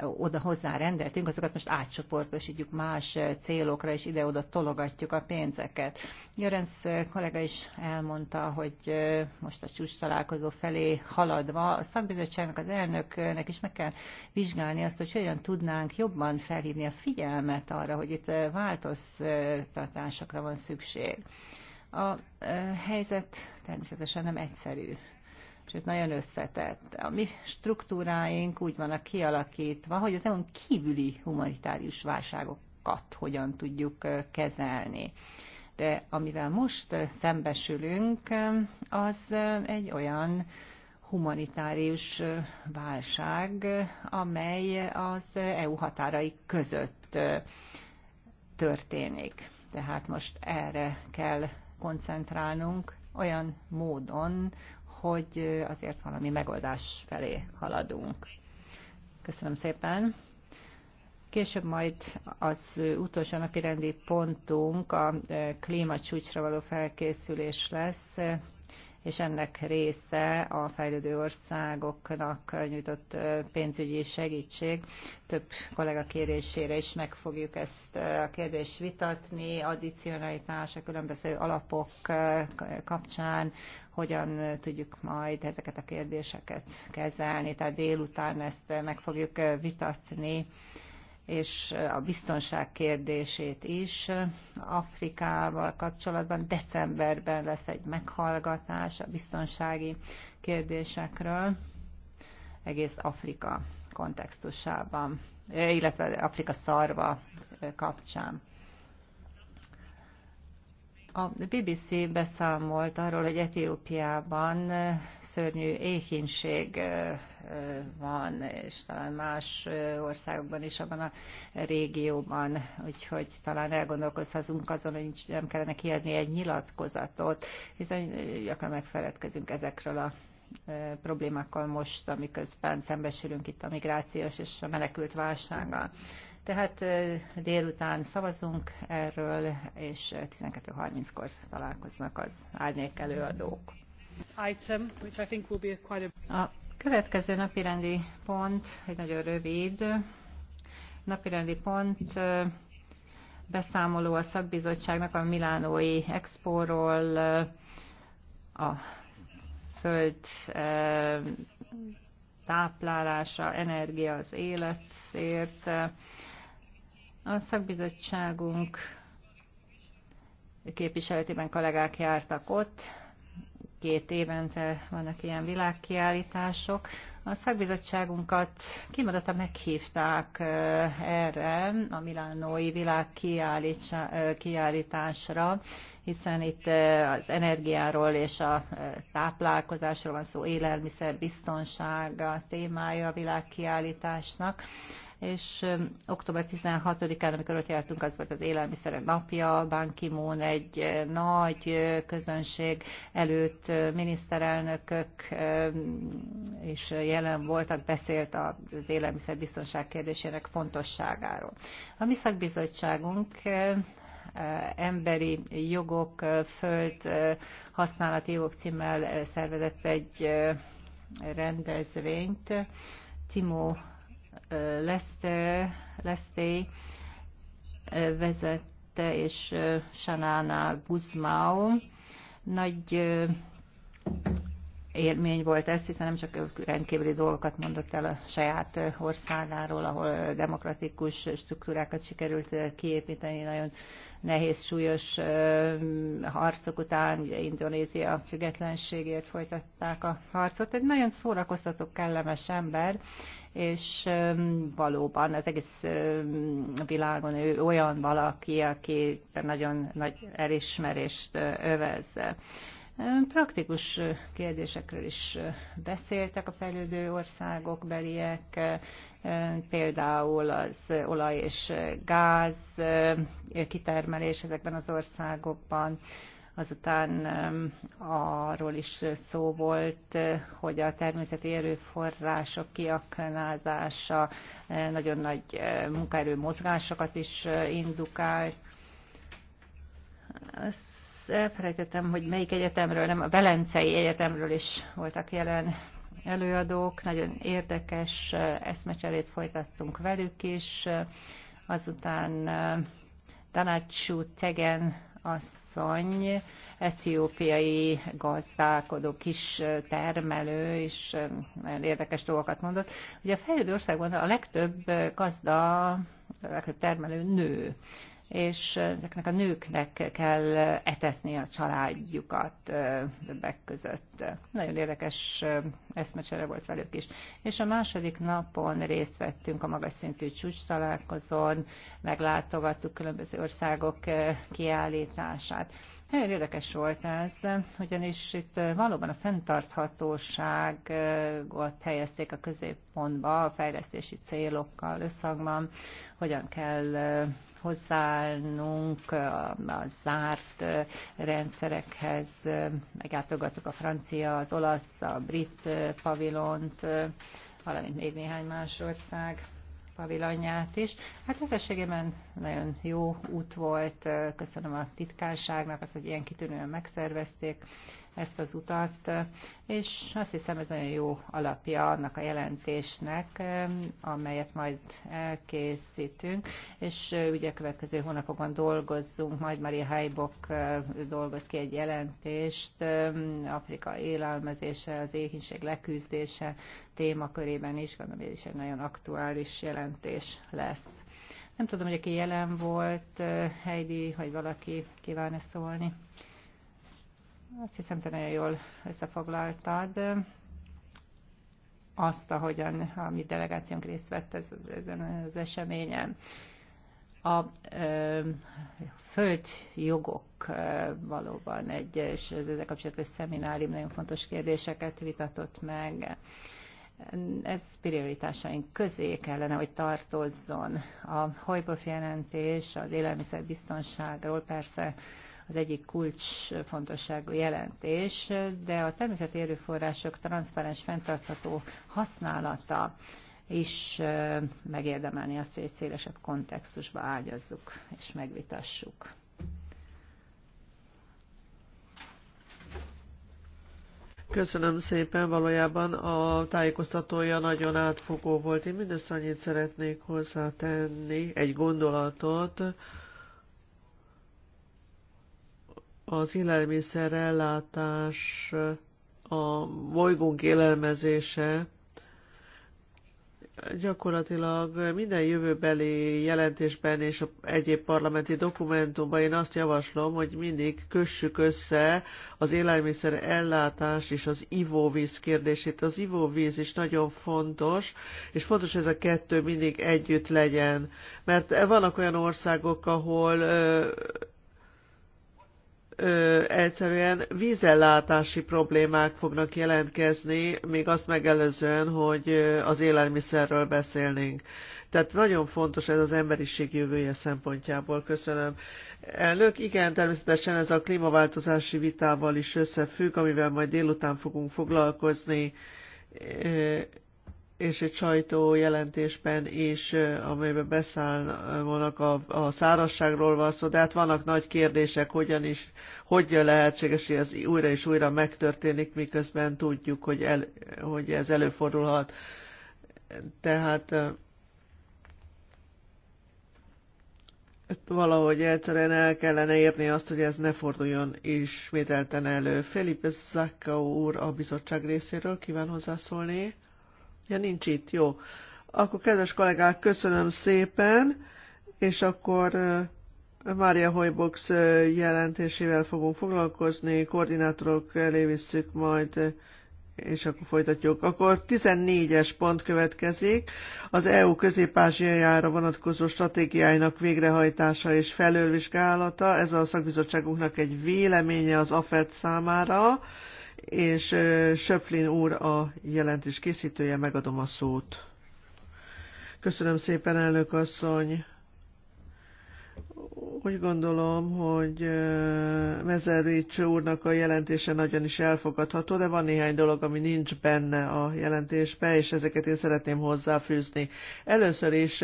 oda hozzárendeltünk, azokat most átcsoportosítjuk más célokra, és ide-oda tologatjuk a pénzeket. Jörensz kollega is elmondta, hogy most a csúcs találkozó felé haladva a szakbizottságnak, az elnöknek is meg kell vizsgálni azt, hogy hogyan tudnánk jobban felhívni a figyelmet arra, hogy itt változtatásokra van szükség. A eh, helyzet természetesen nem egyszerű sőt nagyon összetett. A mi struktúráink úgy vannak kialakítva, hogy az EU-n kívüli humanitárius válságokat hogyan tudjuk kezelni. De amivel most szembesülünk, az egy olyan humanitárius válság, amely az EU határai között történik. Tehát most erre kell koncentrálnunk olyan módon, hogy azért valami megoldás felé haladunk. Köszönöm szépen! Később majd az utolsó napi rendi pontunk a e, klímacsúcsra való felkészülés lesz és ennek része a fejlődő országoknak nyújtott pénzügyi segítség. Több kollega kérésére is meg fogjuk ezt a kérdést vitatni, addicionalitás a különböző alapok kapcsán, hogyan tudjuk majd ezeket a kérdéseket kezelni, tehát délután ezt meg fogjuk vitatni és a biztonság kérdését is. Afrikával kapcsolatban decemberben lesz egy meghallgatás a biztonsági kérdésekről egész Afrika kontextusában, eh, illetve Afrika szarva eh, kapcsán. A BBC beszámolt arról, hogy Etiópiában eh, szörnyű éhínség van, és talán más országokban is abban a régióban, úgyhogy talán elgondolkozhatunk azon, hogy nem kellene kiadni egy nyilatkozatot, hiszen gyakran megfeledkezünk ezekről a e, problémákkal most, amiközben szembesülünk itt a migrációs és a menekült válsággal. Tehát e, délután szavazunk erről, és 12.30-kor találkoznak az árnyék előadók. Item, which I think will be quite a... a Következő napirendi pont, egy nagyon rövid napirendi pont, beszámoló a szakbizottságnak a Milánói Expóról, a föld táplálása, energia az életért. A szakbizottságunk képviseletében kollégák jártak ott, két évente vannak ilyen világkiállítások. A szakbizottságunkat kimondottan meghívták erre a Milánói világkiállításra, hiszen itt az energiáról és a táplálkozásról van szó, élelmiszer biztonsága témája a világkiállításnak és október 16-án, amikor ott jártunk, az volt az élelmiszer napja, Ban ki egy nagy közönség előtt miniszterelnökök is jelen voltak, beszélt az élelmiszerbiztonság kérdésének fontosságáról. A mi szakbizottságunk emberi jogok, föld használati jogok címmel szervezett egy rendezvényt. Timó Lester, Leszté vezette, és Sanana Guzmao. Nagy élmény volt ez, hiszen nem csak rendkívüli dolgokat mondott el a saját országáról, ahol demokratikus struktúrákat sikerült kiépíteni, nagyon nehéz, súlyos harcok után, ugye Indonézia függetlenségért folytatták a harcot. Egy nagyon szórakoztató, kellemes ember, és valóban az egész világon ő olyan valaki, aki nagyon nagy elismerést övez. Praktikus kérdésekről is beszéltek a fejlődő országok beliek, például az olaj és gáz kitermelés ezekben az országokban, Azután arról is szó volt, hogy a természeti erőforrások kiaknázása e, nagyon nagy e, munkaerő mozgásokat is e, indukál. Azt elfelejtettem, hogy melyik egyetemről, nem, a Velencei Egyetemről is voltak jelen előadók, nagyon érdekes eszmecserét folytattunk velük is. Azután Tanácsú Tegen azt asszony, etiópiai gazdálkodó, kis termelő, és nagyon érdekes dolgokat mondott. Ugye a fejlődő országban a legtöbb gazda, a legtöbb termelő nő és ezeknek a nőknek kell etetni a családjukat többek között. Nagyon érdekes eszmecsere volt velük is. És a második napon részt vettünk a magas szintű csúcs találkozón, meglátogattuk különböző országok kiállítását. Nagyon érdekes volt ez, ugyanis itt valóban a fenntarthatóságot helyezték a középpontba a fejlesztési célokkal összhangban, hogyan kell hozzáállnunk a zárt rendszerekhez, meglátogattuk a francia, az olasz, a brit pavilont, valamint még néhány más ország pavilonját is. Hát összességében nagyon jó út volt, köszönöm a titkárságnak az hogy ilyen kitűnően megszervezték, ezt az utat, és azt hiszem ez nagyon jó alapja annak a jelentésnek, amelyet majd elkészítünk, és ugye a következő hónapokban dolgozzunk, majd Maria Heibok dolgoz ki egy jelentést, Afrika élelmezése, az éhínség leküzdése témakörében is, gondolom ez is egy nagyon aktuális jelentés lesz. Nem tudom, hogy aki jelen volt, Heidi, hogy valaki kíván-e szólni. Azt hiszem, te nagyon jól összefoglaltad azt, ahogyan a mi delegációnk részt vett ezen az eseményen a ö, földjogok ö, valóban egy, és ezzel kapcsolatos szeminárium nagyon fontos kérdéseket vitatott meg. Ez prioritásaink közé kellene, hogy tartozzon. A Hojbov jelentés az élelmiszerbiztonságról persze az egyik kulcsfontosságú jelentés, de a természeti erőforrások transzparens, fenntartható használata is megérdemelni azt, hogy egy szélesebb kontextusba ágyazzuk és megvitassuk. Köszönöm szépen, valójában a tájékoztatója nagyon átfogó volt. Én mindössze annyit szeretnék hozzátenni, egy gondolatot, az élelmiszer ellátás, a bolygónk élelmezése, gyakorlatilag minden jövőbeli jelentésben és egyéb parlamenti dokumentumban én azt javaslom, hogy mindig kössük össze az élelmiszer ellátást és az ivóvíz kérdését. Az ivóvíz is nagyon fontos, és fontos, hogy ez a kettő mindig együtt legyen. Mert vannak olyan országok, ahol ö, egyszerűen vízellátási problémák fognak jelentkezni, még azt megelőzően, hogy az élelmiszerről beszélnénk. Tehát nagyon fontos ez az emberiség jövője szempontjából. Köszönöm. Elnök, igen, természetesen ez a klímaváltozási vitával is összefügg, amivel majd délután fogunk foglalkozni és egy jelentésben is, amelyben beszállnak a, a szárazságról van szó, de hát vannak nagy kérdések, hogyan is, hogy lehetséges, hogy ez újra és újra megtörténik, miközben tudjuk, hogy, el, hogy ez előfordulhat. Tehát valahogy egyszerűen el kellene érni azt, hogy ez ne forduljon ismételten elő. Felipe Zacca úr a bizottság részéről kíván hozzászólni. Ja, nincs itt, jó. Akkor, kedves kollégák, köszönöm szépen, és akkor eh, Mária Hojbox eh, jelentésével fogunk foglalkozni, koordinátorok elé visszük majd eh, és akkor folytatjuk. Akkor 14-es pont következik, az EU közép vonatkozó stratégiáinak végrehajtása és felülvizsgálata. Ez a szakbizottságunknak egy véleménye az AFED számára és Söplin úr a jelentés készítője, megadom a szót. Köszönöm szépen, elnök asszony! Úgy gondolom, hogy Mezervics úrnak a jelentése nagyon is elfogadható, de van néhány dolog, ami nincs benne a jelentésbe, és ezeket én szeretném hozzáfűzni. Először is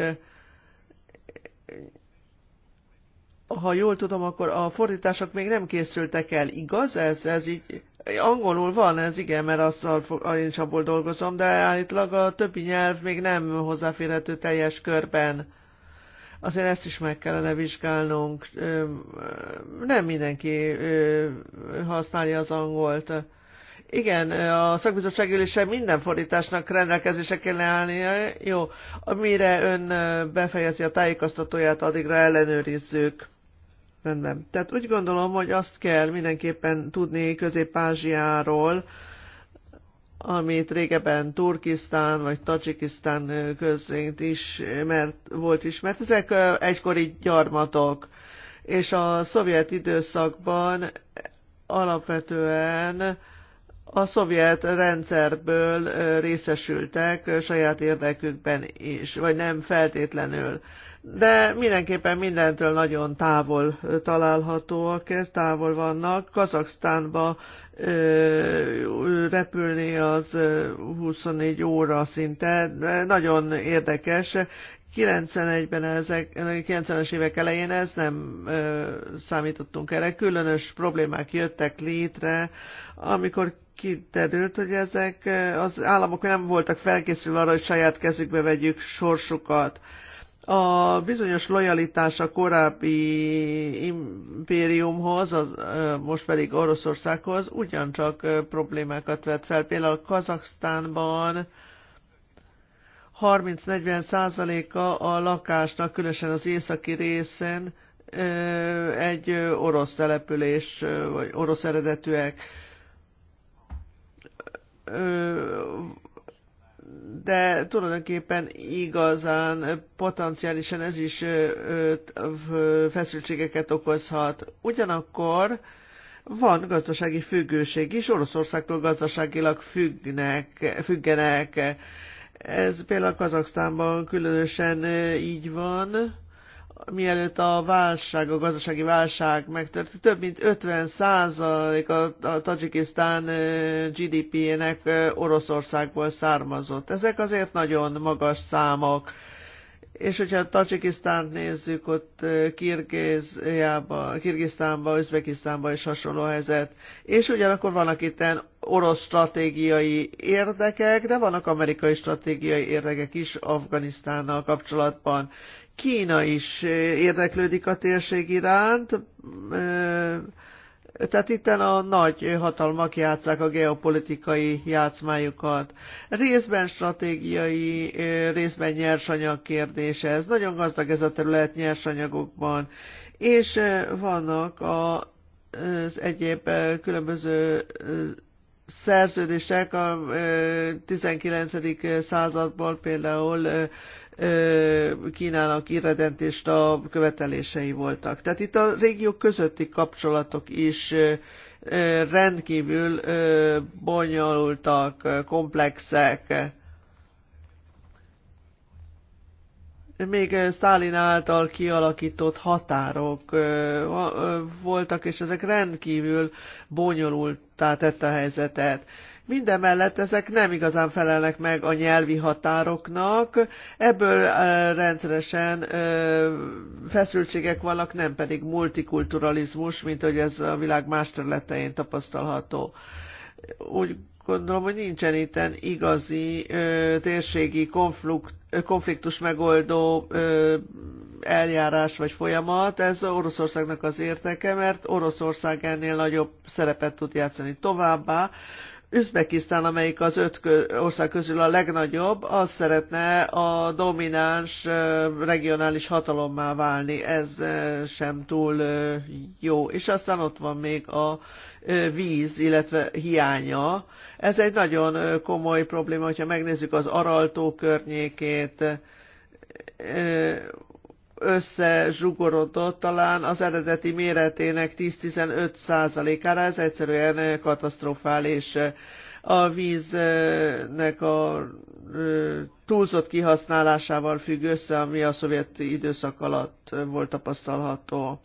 ha jól tudom, akkor a fordítások még nem készültek el. Igaz ez? Ez így Angolul van ez, igen, mert azzal fog, én is abból dolgozom, de állítólag a többi nyelv még nem hozzáférhető teljes körben. Azért ezt is meg kellene vizsgálnunk. Nem mindenki használja az angolt. Igen, a szakbizottság ülése minden fordításnak rendelkezésre kellene állni. Jó, amire ön befejezi a tájékoztatóját, addigra ellenőrizzük. Rendben. Tehát úgy gondolom, hogy azt kell mindenképpen tudni Közép-Ázsiáról, amit régebben Turkisztán vagy Tajikisztán közénk is mert, volt is, mert Ezek egykori gyarmatok, és a szovjet időszakban alapvetően a szovjet rendszerből részesültek saját érdekükben is, vagy nem feltétlenül de mindenképpen mindentől nagyon távol találhatóak, ez távol vannak. Kazaksztánba repülni az 24 óra szinte, de nagyon érdekes. 91-ben ezek, 90-es évek elején ez nem ö, számítottunk erre. Különös problémák jöttek létre, amikor kiderült, hogy ezek az államok nem voltak felkészülve arra, hogy saját kezükbe vegyük sorsukat. Ö, a bizonyos lojalitás a korábbi impériumhoz, az, most pedig Oroszországhoz ugyancsak problémákat vet fel. Például Kazaksztánban 30-40 százaléka a lakásnak, különösen az északi részen egy orosz település, vagy orosz eredetűek de tulajdonképpen igazán potenciálisan ez is feszültségeket okozhat. Ugyanakkor van gazdasági függőség is, Oroszországtól gazdaságilag függnek, függenek. Ez például Kazaksztánban különösen így van mielőtt a válság, a gazdasági válság megtört, több mint 50 a, a Tajikisztán GDP-nek Oroszországból származott. Ezek azért nagyon magas számok. És hogyha Tajikisztánt nézzük, ott Kirgisztánban, Kirgisztánba, is hasonló helyzet. És ugyanakkor vannak itt orosz stratégiai érdekek, de vannak amerikai stratégiai érdekek is Afganisztánnal kapcsolatban. Kína is érdeklődik a térség iránt, tehát itten a nagy hatalmak játszák a geopolitikai játszmájukat. Részben stratégiai, részben nyersanyag kérdése. Ez nagyon gazdag ez a terület nyersanyagokban. És vannak a, az egyéb különböző szerződések a 19. századból például Kínának irredentést a követelései voltak. Tehát itt a régiók közötti kapcsolatok is rendkívül bonyolultak, komplexek. Még Stalin által kialakított határok voltak, és ezek rendkívül bonyolultá tette a helyzetet. Mindemellett ezek nem igazán felelnek meg a nyelvi határoknak, ebből rendszeresen feszültségek vannak, nem pedig multikulturalizmus, mint hogy ez a világ más területein tapasztalható. Úgy gondolom, hogy nincsen itten igazi térségi konflikt, konfliktus megoldó eljárás vagy folyamat. Ez Oroszországnak az érteke, mert Oroszország ennél nagyobb szerepet tud játszani továbbá. Üzbekisztán, amelyik az öt ország közül a legnagyobb, az szeretne a domináns regionális hatalommá válni. Ez sem túl jó. És aztán ott van még a víz, illetve hiánya. Ez egy nagyon komoly probléma, hogyha megnézzük az Araltó környékét, összezsugorodott talán az eredeti méretének 10-15 százalékára, ez egyszerűen katasztrofális. A víznek a túlzott kihasználásával függ össze, ami a szovjet időszak alatt volt tapasztalható.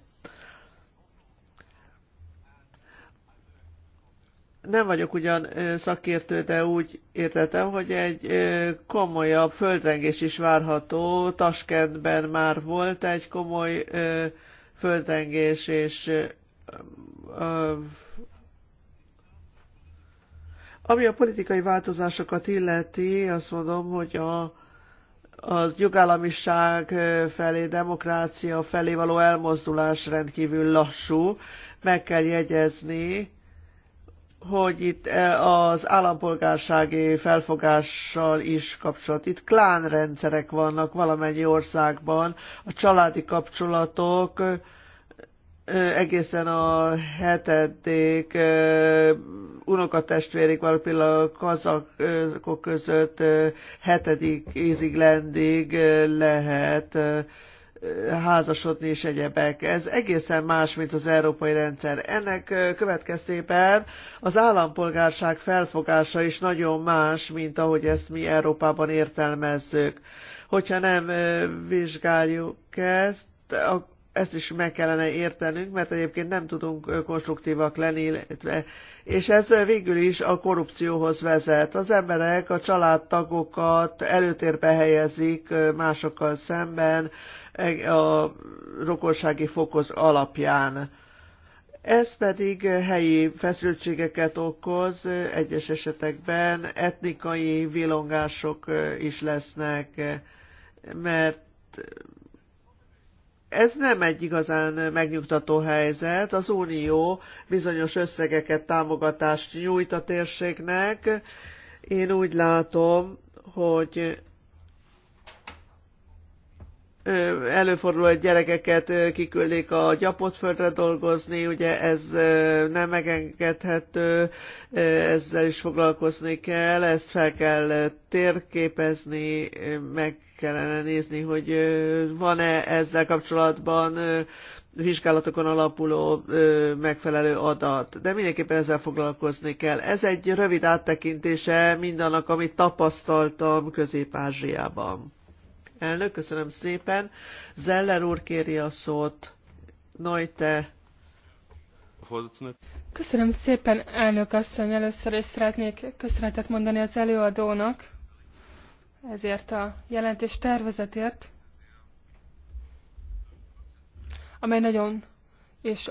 nem vagyok ugyan szakértő, de úgy értettem, hogy egy komolyabb földrengés is várható. Taskentben már volt egy komoly földrengés, és ami a politikai változásokat illeti, azt mondom, hogy a, az jogállamiság felé, demokrácia felé való elmozdulás rendkívül lassú. Meg kell jegyezni, hogy itt e, az állampolgársági felfogással is kapcsolat. Itt klánrendszerek vannak valamennyi országban, a családi kapcsolatok e, e, egészen a hetedik unokatestvérik, való például a kazakok között hetedik ízig lendig lehet házasodni és egyebek. Ez egészen más, mint az európai rendszer. Ennek következtében az állampolgárság felfogása is nagyon más, mint ahogy ezt mi Európában értelmezzük. Hogyha nem vizsgáljuk ezt, ezt is meg kellene értenünk, mert egyébként nem tudunk konstruktívak lenni, illetve, és ez végül is a korrupcióhoz vezet. Az emberek a családtagokat előtérbe helyezik másokkal szemben, a rokonsági fokoz alapján. Ez pedig helyi feszültségeket okoz, egyes esetekben etnikai vilongások is lesznek, mert ez nem egy igazán megnyugtató helyzet. Az Unió bizonyos összegeket, támogatást nyújt a térségnek. Én úgy látom, hogy előfordul, hogy gyerekeket kiküldik a gyapotföldre dolgozni, ugye ez nem megengedhető, ezzel is foglalkozni kell, ezt fel kell térképezni, meg kellene nézni, hogy van-e ezzel kapcsolatban vizsgálatokon alapuló megfelelő adat, de mindenképpen ezzel foglalkozni kell. Ez egy rövid áttekintése mindannak, amit tapasztaltam Közép-Ázsiában. Elnök, köszönöm szépen. Zeller úr kéri a szót. Neute. Köszönöm szépen, elnök asszony. Először is szeretnék köszönetet mondani az előadónak ezért a jelentés tervezetért, amely nagyon és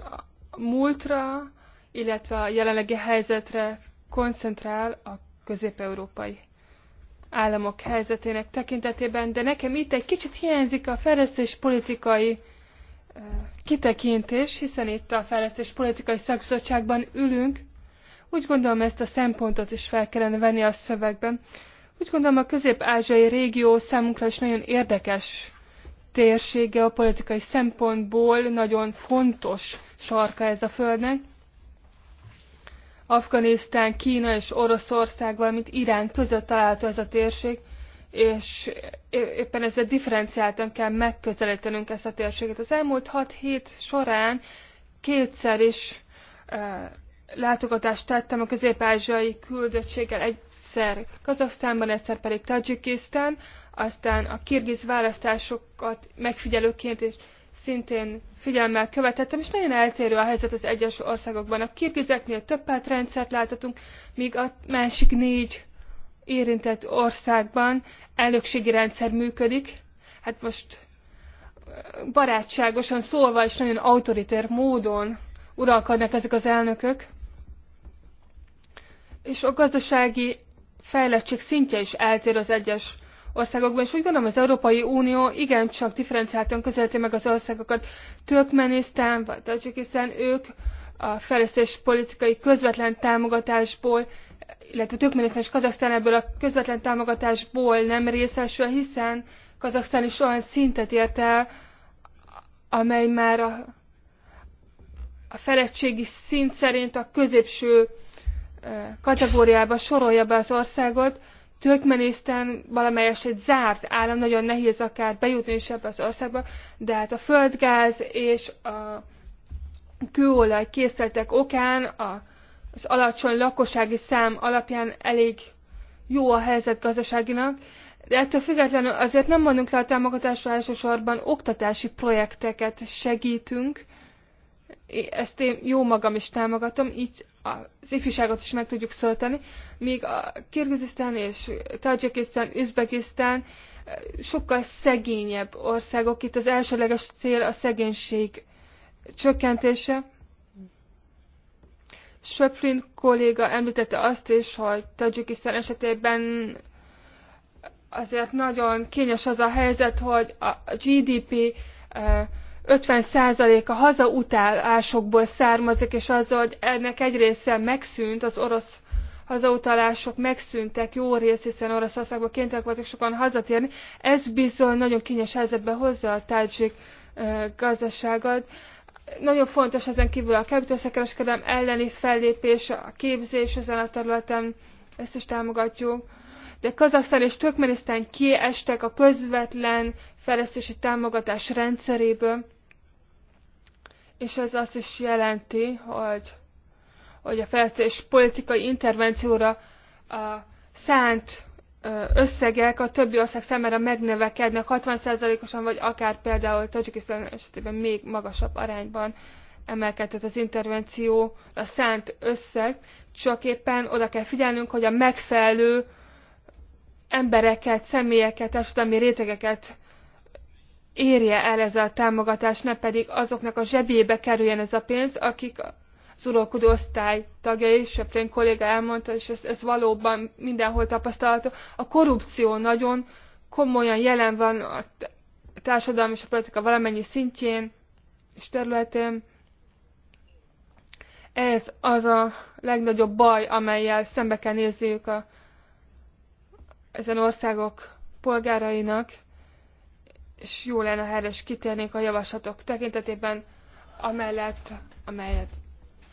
múltra, illetve a jelenlegi helyzetre koncentrál a közép-európai államok helyzetének tekintetében, de nekem itt egy kicsit hiányzik a fejlesztés politikai kitekintés, hiszen itt a fejlesztés politikai szakbizottságban ülünk. Úgy gondolom ezt a szempontot is fel kellene venni a szövegben. Úgy gondolom a közép-ázsiai régió számunkra is nagyon érdekes térsége a politikai szempontból, nagyon fontos sarka ez a földnek. Afganisztán, Kína és Oroszország, valamint Irán között található ez a térség, és éppen ezzel differenciáltan kell megközelítenünk ezt a térséget. Az elmúlt hat hét során kétszer is e, látogatást tettem a közép-ázsiai küldöttséggel, egyszer Kazaksztánban, egyszer pedig Tajikisztán, aztán a kirgiz választásokat megfigyelőként és szintén figyelemmel követettem, és nagyon eltérő a helyzet az egyes országokban. A kirgizeknél több pártrendszert láthatunk, míg a másik négy érintett országban elnökségi rendszer működik. Hát most barátságosan szólva és nagyon autoritér módon uralkodnak ezek az elnökök. És a gazdasági fejlettség szintje is eltér az egyes országokban, és úgy gondolom az Európai Unió igencsak differenciáltan közelíti meg az országokat. Türkmenisztán vagy Tajikisztán, ők a fejlesztés politikai közvetlen támogatásból, illetve Türkmenisztán és Kazaksztán ebből a közvetlen támogatásból nem részesül, hiszen Kazaksztán is olyan szintet ért el, amely már a, a felettségi szint szerint a középső kategóriába sorolja be az országot, Türkmenisztán valamelyest egy zárt állam, nagyon nehéz akár bejutni is ebbe az országba, de hát a földgáz és a kőolaj készletek okán a, az alacsony lakossági szám alapján elég jó a helyzet gazdaságinak, de ettől függetlenül azért nem mondunk le a támogatásra elsősorban oktatási projekteket segítünk, ezt én jó magam is támogatom, így az ifjúságot is meg tudjuk szölteni, míg a Kirgizisztán és Tajikisztán, Üzbegisztán sokkal szegényebb országok. Itt az elsőleges cél a szegénység csökkentése. Söpflin kolléga említette azt is, hogy Tajikisztán esetében azért nagyon kényes az a helyzet, hogy a GDP eh, 50% a hazautálásokból származik, és azzal, hogy ennek egy része megszűnt, az orosz hazautalások megszűntek jó rész, hiszen Oroszországban kénytelenek voltak sokan hazatérni. Ez bizony nagyon kényes helyzetbe hozza a tájcsik gazdaságot. Nagyon fontos ezen kívül a kábítószerkereskedelem elleni fellépés, a képzés ezen a területen, ezt is támogatjuk de Kazaksztán és Tökmenisztán kiestek a közvetlen fejlesztési támogatás rendszeréből és ez azt is jelenti, hogy, hogy a fejlesztés politikai intervencióra a szánt összegek a többi ország számára megnövekednek 60%-osan, vagy akár például Tajikisztán esetében még magasabb arányban emelkedett az a szánt összeg, csak éppen oda kell figyelnünk, hogy a megfelelő embereket, személyeket, társadalmi rétegeket érje el ez a támogatás, ne pedig azoknak a zsebébe kerüljen ez a pénz, akik az uralkodó osztály tagjai, Söprén kolléga elmondta, és ez, ez valóban mindenhol tapasztalható. A korrupció nagyon komolyan jelen van a társadalmi és a politika valamennyi szintjén és területén. Ez az a legnagyobb baj, amelyel szembe kell nézniük a, ezen országok polgárainak és jó lenne, ha erre is kitérnék a javaslatok tekintetében, amellett, amelyet,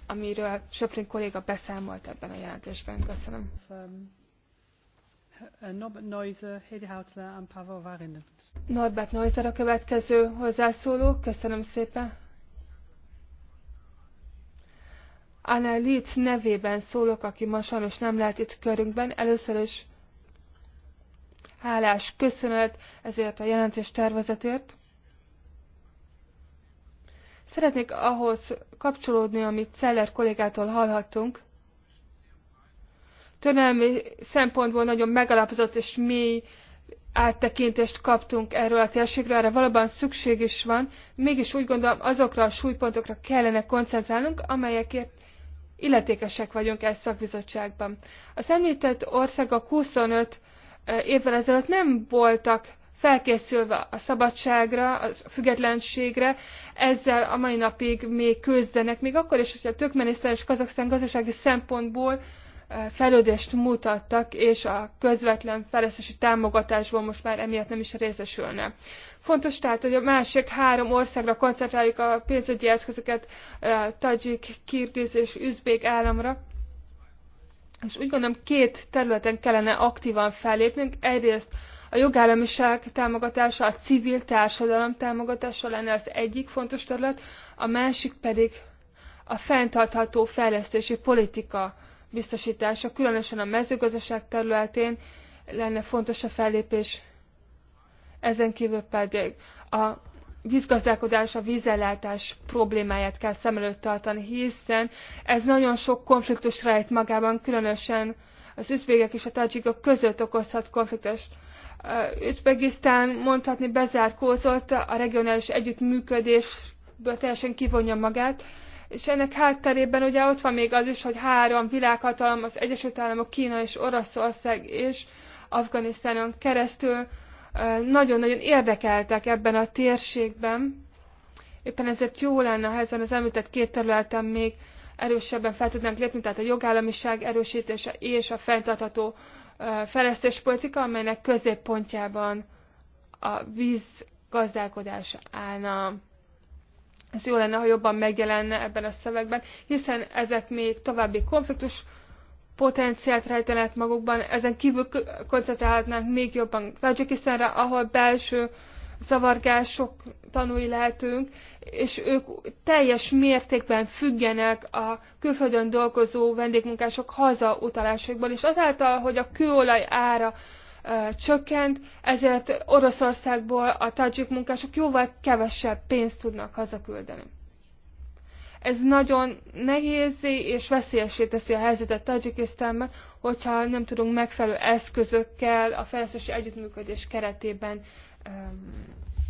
amiről Söprin kolléga beszámolt ebben a jelentésben. Köszönöm. Norbert Neuser a következő hozzászóló. Köszönöm szépen. Anna Litz nevében szólok, aki ma sajnos nem lehet itt körünkben. Először is hálás köszönet ezért a jelentés tervezetért. Szeretnék ahhoz kapcsolódni, amit Celler kollégától hallhattunk. Történelmi szempontból nagyon megalapozott és mély áttekintést kaptunk erről a térségről, erre valóban szükség is van, mégis úgy gondolom azokra a súlypontokra kellene koncentrálnunk, amelyekért illetékesek vagyunk egy szakbizottságban. Az említett országok 25 évvel ezelőtt nem voltak felkészülve a szabadságra, a függetlenségre, ezzel a mai napig még küzdenek, még akkor is, hogy a Türkmenisztán és Kazaksztán gazdasági szempontból fejlődést mutattak, és a közvetlen fejlesztési támogatásból most már emiatt nem is részesülne. Fontos tehát, hogy a másik három országra koncentráljuk a pénzügyi eszközöket, Tajik, Kirgiz és Üzbék államra, és úgy gondolom két területen kellene aktívan fellépnünk. Egyrészt a jogállamiság támogatása, a civil társadalom támogatása lenne az egyik fontos terület, a másik pedig a fenntartható fejlesztési politika biztosítása, különösen a mezőgazdaság területén lenne fontos a fellépés. Ezen kívül pedig a vízgazdálkodás, a vízellátás problémáját kell szem előtt tartani, hiszen ez nagyon sok konfliktus rejt magában, különösen az üzbégek és a tajikok között okozhat konfliktust. Üzbegisztán mondhatni bezárkózott, a regionális együttműködésből teljesen kivonja magát, és ennek hátterében ugye ott van még az is, hogy három világhatalom, az Egyesült Államok, Kína és Oroszország és Afganisztánon keresztül nagyon-nagyon érdekeltek ebben a térségben. Éppen ezért jó lenne, ha ezen az említett két területen még erősebben fel tudnánk lépni, tehát a jogállamiság erősítése és a fenntartható fejlesztéspolitika, amelynek középpontjában a vízgazdálkodás állna. Ez jó lenne, ha jobban megjelenne ebben a szövegben, hiszen ezek még további konfliktus potenciált rejtenek magukban. Ezen kívül koncentrálhatnánk még jobban Tajikisztánra, ahol belső zavargások tanúi lehetünk, és ők teljes mértékben függenek a külföldön dolgozó vendégmunkások hazautalásokból, és azáltal, hogy a kőolaj ára e, csökkent, ezért Oroszországból a tajik munkások jóval kevesebb pénzt tudnak hazaküldeni. Ez nagyon nehéz és veszélyesé teszi a helyzetet Tajikisztánban, hogyha nem tudunk megfelelő eszközökkel a fejlesztési együttműködés keretében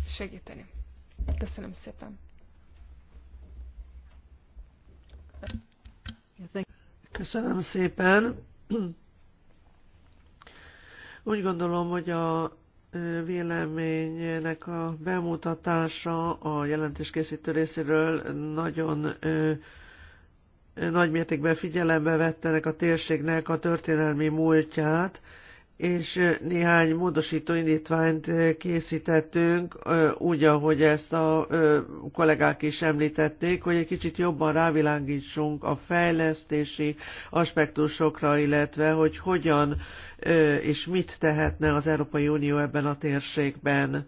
segíteni. Köszönöm szépen. Köszönöm szépen. Úgy gondolom, hogy a véleménynek a bemutatása a jelentéskészítő részéről nagyon nagy mértékben figyelembe vettenek a térségnek a történelmi múltját, és néhány módosító indítványt készítettünk, úgy, ahogy ezt a kollégák is említették, hogy egy kicsit jobban rávilágítsunk a fejlesztési aspektusokra, illetve hogy hogyan és mit tehetne az Európai Unió ebben a térségben.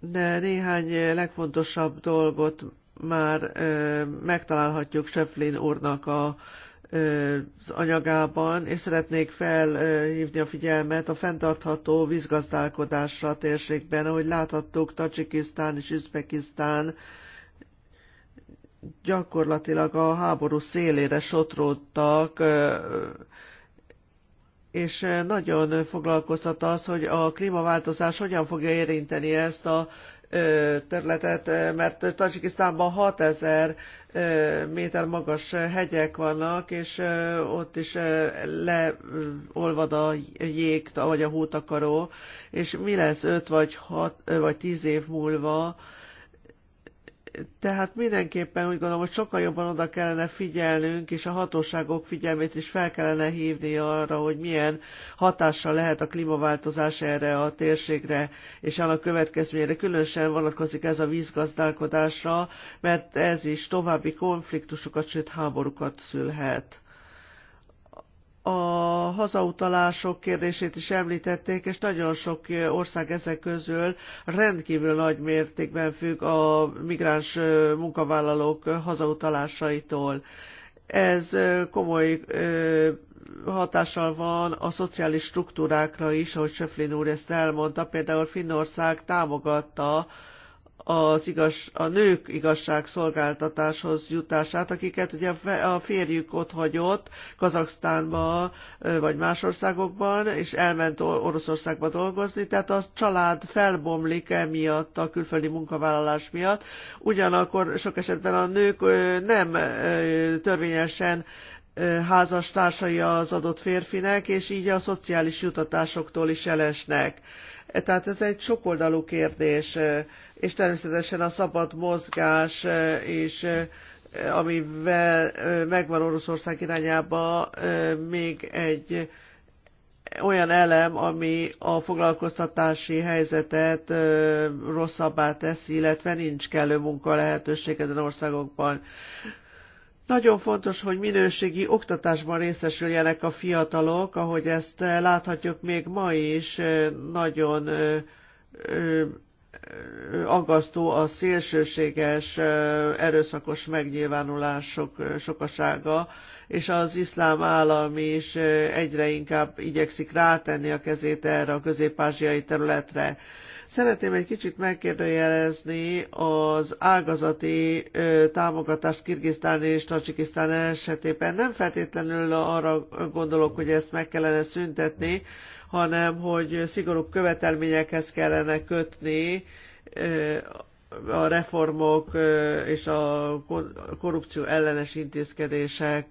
De néhány legfontosabb dolgot már megtalálhatjuk Seflin úrnak a az anyagában, és szeretnék felhívni a figyelmet a fenntartható vízgazdálkodásra a térségben. Ahogy láthattuk, Tajikisztán és Üzbekisztán gyakorlatilag a háború szélére sotródtak, és nagyon foglalkoztat az, hogy a klímaváltozás hogyan fogja érinteni ezt a területet, mert Tajikisztánban 6000 méter magas hegyek vannak, és ott is leolvad a jég, vagy a hótakaró, és mi lesz 5 vagy 6 vagy 10 év múlva, tehát mindenképpen úgy gondolom, hogy sokkal jobban oda kellene figyelnünk, és a hatóságok figyelmét is fel kellene hívni arra, hogy milyen hatással lehet a klímaváltozás erre a térségre, és annak következményére különösen vonatkozik ez a vízgazdálkodásra, mert ez is további konfliktusokat, sőt háborúkat szülhet a hazautalások kérdését is említették, és nagyon sok ország ezek közül rendkívül nagy mértékben függ a migráns munkavállalók hazautalásaitól. Ez komoly hatással van a szociális struktúrákra is, ahogy Söflin úr ezt elmondta, például Finnország támogatta az igaz, a nők igazságszolgáltatáshoz jutását, akiket ugye a férjük ott hagyott Kazaksztánban vagy más országokban, és elment Oroszországba dolgozni, tehát a család felbomlik emiatt a külföldi munkavállalás miatt. Ugyanakkor sok esetben a nők nem törvényesen házastársai az adott férfinek, és így a szociális jutatásoktól is elesnek. E, tehát ez egy sokoldalú kérdés és természetesen a szabad mozgás eh, és eh, amivel eh, megvan Oroszország irányába még egy olyan elem, ami a foglalkoztatási helyzetet rosszabbá teszi, illetve nincs kellő munka lehetőség ezen országokban. Nagyon fontos, hogy minőségi oktatásban részesüljenek a fiatalok, ahogy ezt láthatjuk még ma is, nagyon aggasztó a szélsőséges erőszakos megnyilvánulások sokasága, és az iszlám állam is egyre inkább igyekszik rátenni a kezét erre a közép-ázsiai területre. Szeretném egy kicsit megkérdőjelezni az ágazati ö, támogatást Kirgisztán és Tacsikisztán esetében. Nem feltétlenül arra gondolok, hogy ezt meg kellene szüntetni, hanem hogy szigorúbb követelményekhez kellene kötni a reformok és a korrupció ellenes intézkedések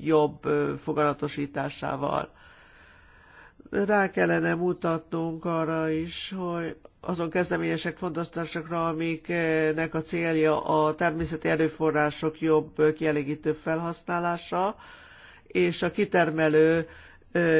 jobb foganatosításával. Rá kellene mutatnunk arra is, hogy azon kezdeményesek fontosztásokra, amiknek a célja a természeti erőforrások jobb kielégítő felhasználása, és a kitermelő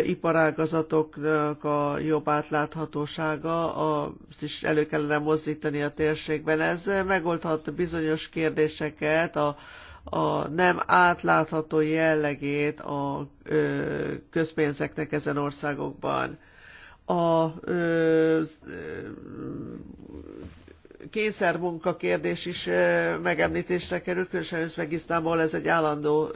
iparágazatoknak a jobb átláthatósága, azt is elő kellene mozdítani a térségben. Ez megoldhat bizonyos kérdéseket, a, a nem átlátható jellegét a ö, közpénzeknek ezen országokban. A ö, ö, kényszermunka kérdés is megemlítésre került, különösen Özbegisztánból ez egy állandó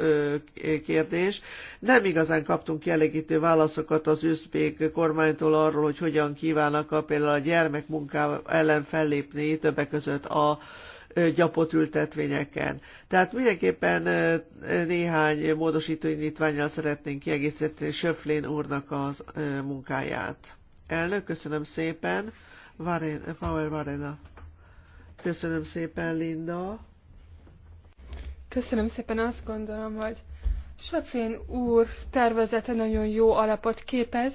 kérdés. Nem igazán kaptunk kielégítő válaszokat az üzbék kormánytól arról, hogy hogyan kívánnak a, például a gyermekmunká ellen fellépni többek között a gyapott ültetvényeken. Tehát mindenképpen néhány módosító indítványjal szeretnénk kiegészíteni Söflén úrnak a munkáját. Elnök, köszönöm szépen. Varena, Power Varena. Köszönöm szépen, Linda. Köszönöm szépen, azt gondolom, hogy Söplén úr tervezete nagyon jó alapot képez.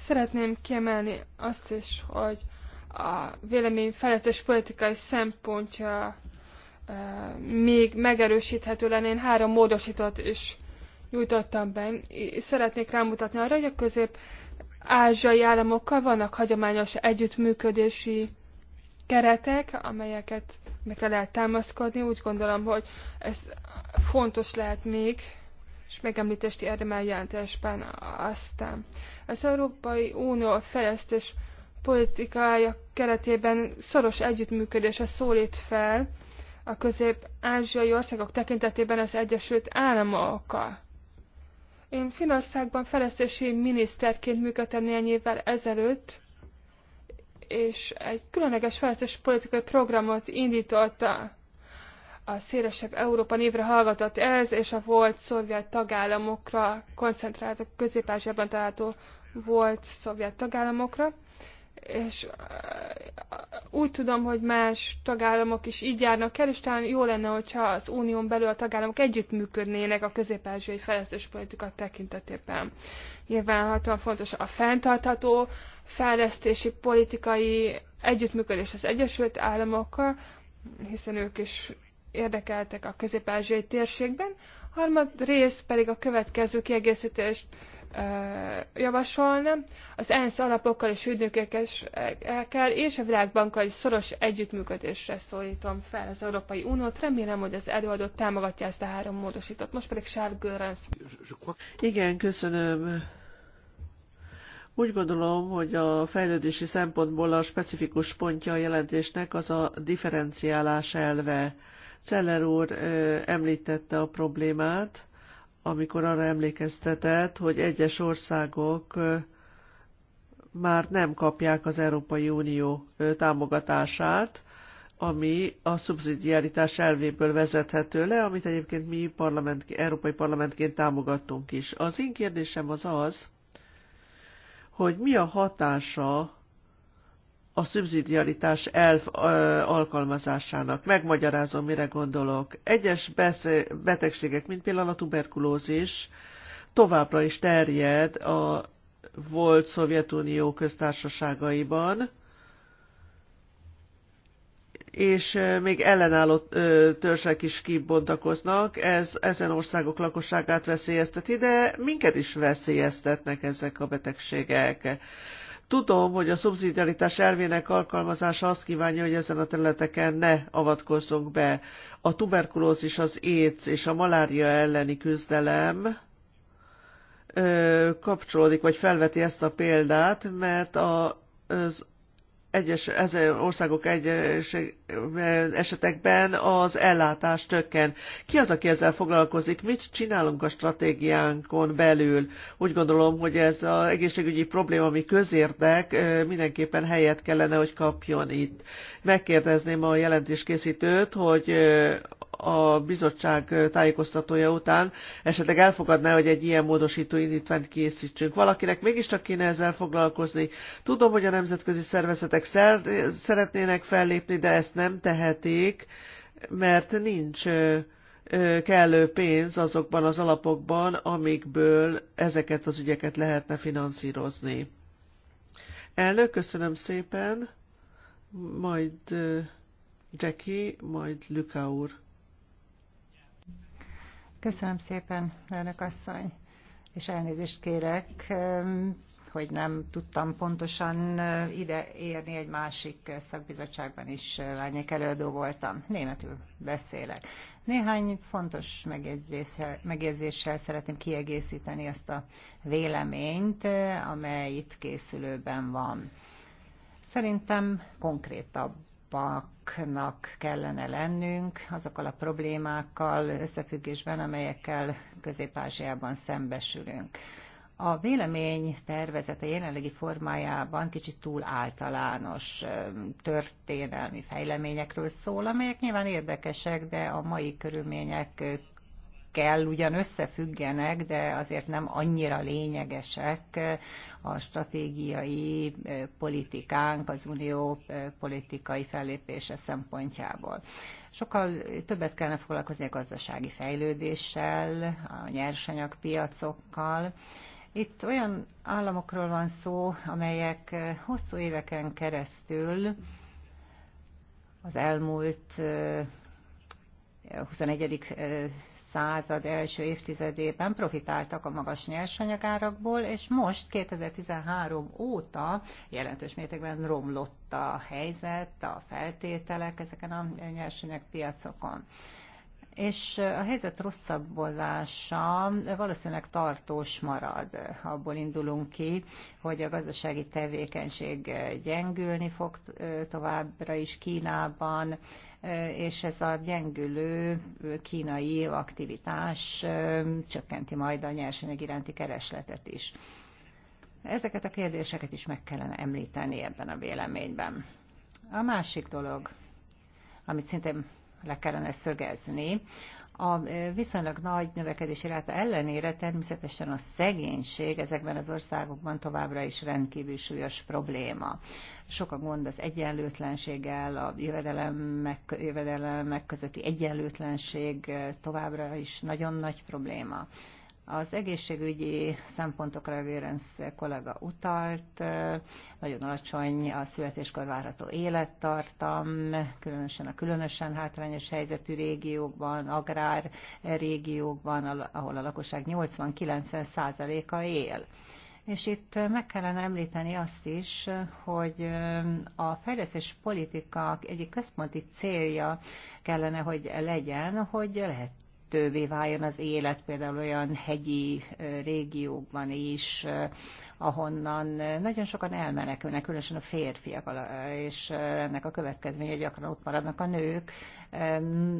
Szeretném kiemelni azt is, hogy a vélemény felettes politikai szempontja e, még megerősíthető lenne. Én három módosítót is nyújtottam be. Szeretnék rámutatni arra, hogy a közép ázsiai államokkal vannak hagyományos együttműködési keretek, amelyeket meg lehet támaszkodni. Úgy gondolom, hogy ez fontos lehet még, és megemlítést érdemel jelentésben aztán. Az Európai Unió fejlesztés politikája keretében szoros együttműködése szólít fel a közép-ázsiai országok tekintetében az Egyesült Államokkal. Én Finországban fejlesztési miniszterként működtem néhány évvel ezelőtt, és egy különleges fejlesztés politikai programot indította a szélesebb Európa névre hallgatott ez, és a volt szovjet tagállamokra koncentrált, a közép található volt szovjet tagállamokra, és úgy tudom, hogy más tagállamok is így járnak el, és talán jó lenne, hogyha az unión belül a tagállamok együttműködnének a közép-ázsiai fejlesztés politika tekintetében. Nyilvánhatóan fontos a fenntartható fejlesztési politikai együttműködés az Egyesült Államokkal, hiszen ők is érdekeltek a közép-ázsiai térségben. Harmad rész pedig a következő kiegészítést javasolna. Az ENSZ alapokkal és ügynökekkel és a Világbankkal is szoros együttműködésre szólítom fel az Európai Uniót. Remélem, hogy az előadó támogatja ezt a három módosított. Most pedig Charles Görens. Igen, köszönöm. Úgy gondolom, hogy a fejlődési szempontból a specifikus pontja a jelentésnek az a differenciálás elve. Celler úr említette a problémát, amikor arra emlékeztetett, hogy egyes országok már nem kapják az Európai Unió támogatását, ami a szubszidiaritás elvéből vezethető le, amit egyébként mi parlament, Európai Parlamentként támogattunk is. Az én kérdésem az az, hogy mi a hatása a szubszidiaritás elv alkalmazásának. Megmagyarázom, mire gondolok. Egyes betegségek, mint például a tuberkulózis, továbbra is terjed a volt Szovjetunió köztársaságaiban, és még ellenálló törzsek is kibontakoznak, ez ezen országok lakosságát veszélyezteti, de minket is veszélyeztetnek ezek a betegségek. Tudom, hogy a szubszidiaritás elvének alkalmazása azt kívánja, hogy ezen a területeken ne avatkozzunk be. A tuberkulózis, az éc és a malária elleni küzdelem kapcsolódik, vagy felveti ezt a példát, mert a, az egyes országok egyes esetekben az ellátás csökken. Ki az, aki ezzel foglalkozik? Mit csinálunk a stratégiánkon belül? Úgy gondolom, hogy ez az egészségügyi probléma, ami közérdek, mindenképpen helyet kellene, hogy kapjon itt. Megkérdezném a jelentéskészítőt, hogy a bizottság tájékoztatója után esetleg elfogadná, hogy egy ilyen módosító indítványt készítsünk. Valakinek mégiscsak kéne ezzel foglalkozni. Tudom, hogy a nemzetközi szervezetek szer szeretnének fellépni, de ezt nem tehetik, mert nincs kellő pénz azokban az alapokban, amikből ezeket az ügyeket lehetne finanszírozni. Elnök, köszönöm szépen, majd Jackie, majd Luka úr. Köszönöm szépen, elnök asszony, és elnézést kérek, hogy nem tudtam pontosan ide érni egy másik szakbizottságban is lányék előadó voltam. Németül beszélek. Néhány fontos megjegyzéssel, megjegyzéssel szeretném kiegészíteni azt a véleményt, amely itt készülőben van. Szerintem konkrétabb alaposabbaknak kellene lennünk azokkal a problémákkal összefüggésben, amelyekkel Közép-Ázsiában szembesülünk. A vélemény tervezete jelenlegi formájában kicsit túl általános történelmi fejleményekről szól, amelyek nyilván érdekesek, de a mai körülmények kell ugyan összefüggenek, de azért nem annyira lényegesek a stratégiai politikánk, az unió politikai fellépése szempontjából. Sokkal többet kellene foglalkozni a gazdasági fejlődéssel, a nyersanyagpiacokkal, itt olyan államokról van szó, amelyek hosszú éveken keresztül az elmúlt 21 század első évtizedében profitáltak a magas nyersanyagárakból, és most 2013 óta jelentős mértékben romlott a helyzet, a feltételek ezeken a nyersanyagpiacokon és a helyzet rosszabbolása valószínűleg tartós marad. ha Abból indulunk ki, hogy a gazdasági tevékenység gyengülni fog továbbra is Kínában, és ez a gyengülő kínai aktivitás csökkenti majd a nyersanyag iránti keresletet is. Ezeket a kérdéseket is meg kellene említeni ebben a véleményben. A másik dolog, amit szintén le kellene szögezni. A viszonylag nagy növekedési ráta ellenére természetesen a szegénység ezekben az országokban továbbra is rendkívül súlyos probléma. Sok a gond az egyenlőtlenséggel, a jövedelemek, jövedelemek közötti egyenlőtlenség továbbra is nagyon nagy probléma. Az egészségügyi szempontokra Vérenc kollega utalt, nagyon alacsony a születéskor várható élettartam, különösen a különösen hátrányos helyzetű régiókban, agrár régiókban, ahol a lakosság 80-90 százaléka él. És itt meg kellene említeni azt is, hogy a fejlesztés politika egyik központi célja kellene, hogy legyen, hogy lehet élhetővé váljon az élet például olyan hegyi régiókban is, ahonnan nagyon sokan elmenekülnek, különösen a férfiak, és ennek a következménye gyakran ott maradnak a nők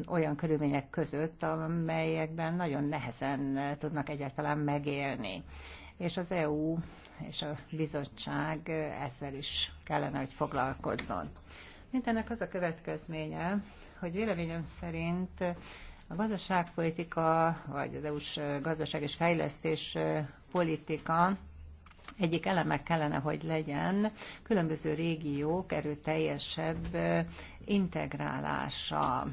olyan körülmények között, amelyekben nagyon nehezen tudnak egyáltalán megélni. És az EU és a bizottság ezzel is kellene, hogy foglalkozzon. Mindennek az a következménye, hogy véleményem szerint a gazdaságpolitika, vagy az EU-s gazdaság és fejlesztés politika egyik eleme kellene, hogy legyen különböző régiók erőteljesebb integrálása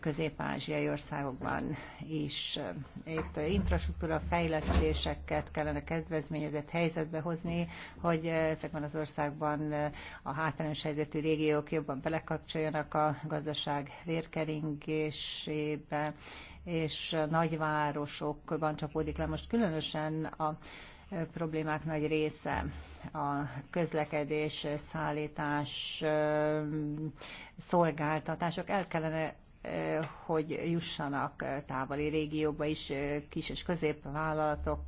közép-ázsiai országokban is. Itt infrastruktúra fejlesztéseket kellene kedvezményezett helyzetbe hozni, hogy ezekben az országban a hátrányos helyzetű régiók jobban belekapcsoljanak a gazdaság vérkeringésébe, és nagyvárosokban csapódik le most különösen a problémák nagy része a közlekedés, szállítás, szolgáltatások el kellene hogy jussanak távoli régióba is kis- és középvállalatok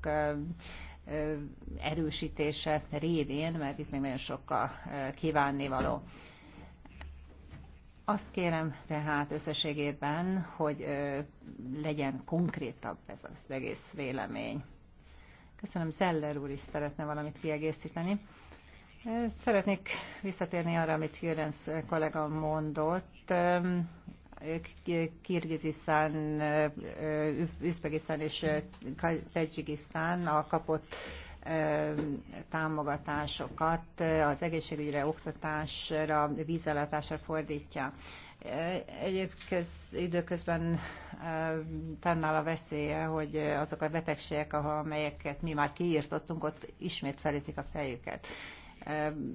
erősítése révén, mert itt még nagyon sok a kívánnivaló. Azt kérem tehát összességében, hogy legyen konkrétabb ez az egész vélemény. Köszönöm, Zeller úr is szeretne valamit kiegészíteni. Szeretnék visszatérni arra, amit Jürgens kollega mondott. Kirgizisztán, Üzbegisztán és Tajikisztán a kapott támogatásokat az egészségügyre, oktatásra, vízellátásra fordítja. Egyébként időközben fennáll a veszélye, hogy azok a betegségek, amelyeket mi már kiírtottunk, ott ismét felütik a fejüket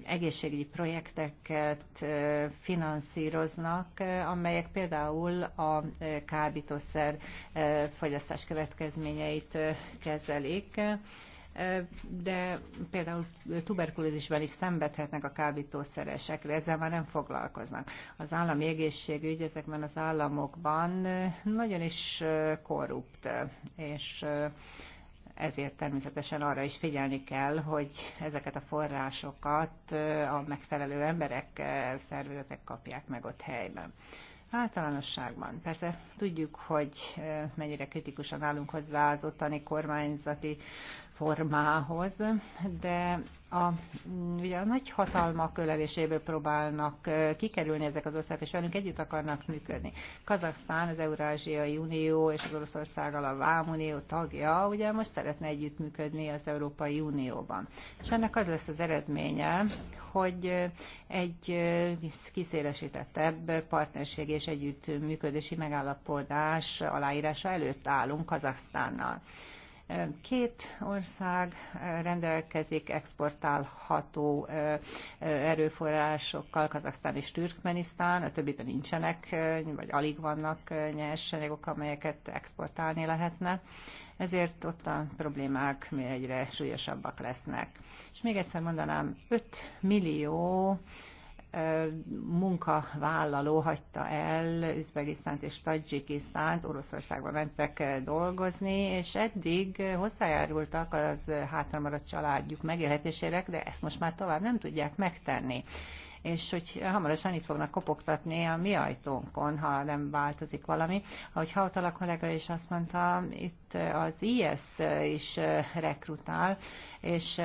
egészségügyi projekteket finanszíroznak, amelyek például a kábítószer fogyasztás következményeit kezelik de például tuberkulózisban is szenvedhetnek a kábítószeresek, ezzel már nem foglalkoznak. Az állami egészségügy ezekben az államokban nagyon is korrupt, és ezért természetesen arra is figyelni kell, hogy ezeket a forrásokat a megfelelő emberek, szervezetek kapják meg ott helyben. Általánosságban. Persze tudjuk, hogy mennyire kritikusan állunk hozzá az ottani kormányzati formához, de a, ugye a nagy hatalmak öleléséből próbálnak kikerülni ezek az országok, és velünk együtt akarnak működni. Kazaksztán, az Eurázsiai Unió és az Oroszországgal a Vámunió tagja, ugye most szeretne együttműködni az Európai Unióban. És ennek az lesz az eredménye, hogy egy kiszélesítettebb partnerség és együttműködési megállapodás aláírása előtt állunk Kazaksztánnal. Két ország rendelkezik exportálható erőforrásokkal, Kazaksztán és Türkmenisztán, a többiben nincsenek, vagy alig vannak nyersanyagok, amelyeket exportálni lehetne ezért ott a problémák egyre súlyosabbak lesznek. És még egyszer mondanám, 5 millió munkavállaló hagyta el Üzbegisztánt és Tadzsikisztánt, Oroszországba mentek dolgozni, és eddig hozzájárultak az hátramaradt családjuk megélhetésére, de ezt most már tovább nem tudják megtenni és hogy hamarosan itt fognak kopogtatni a mi ajtónkon, ha nem változik valami. Ahogy Hautala kollega is azt mondta, itt az IS is rekrutál, és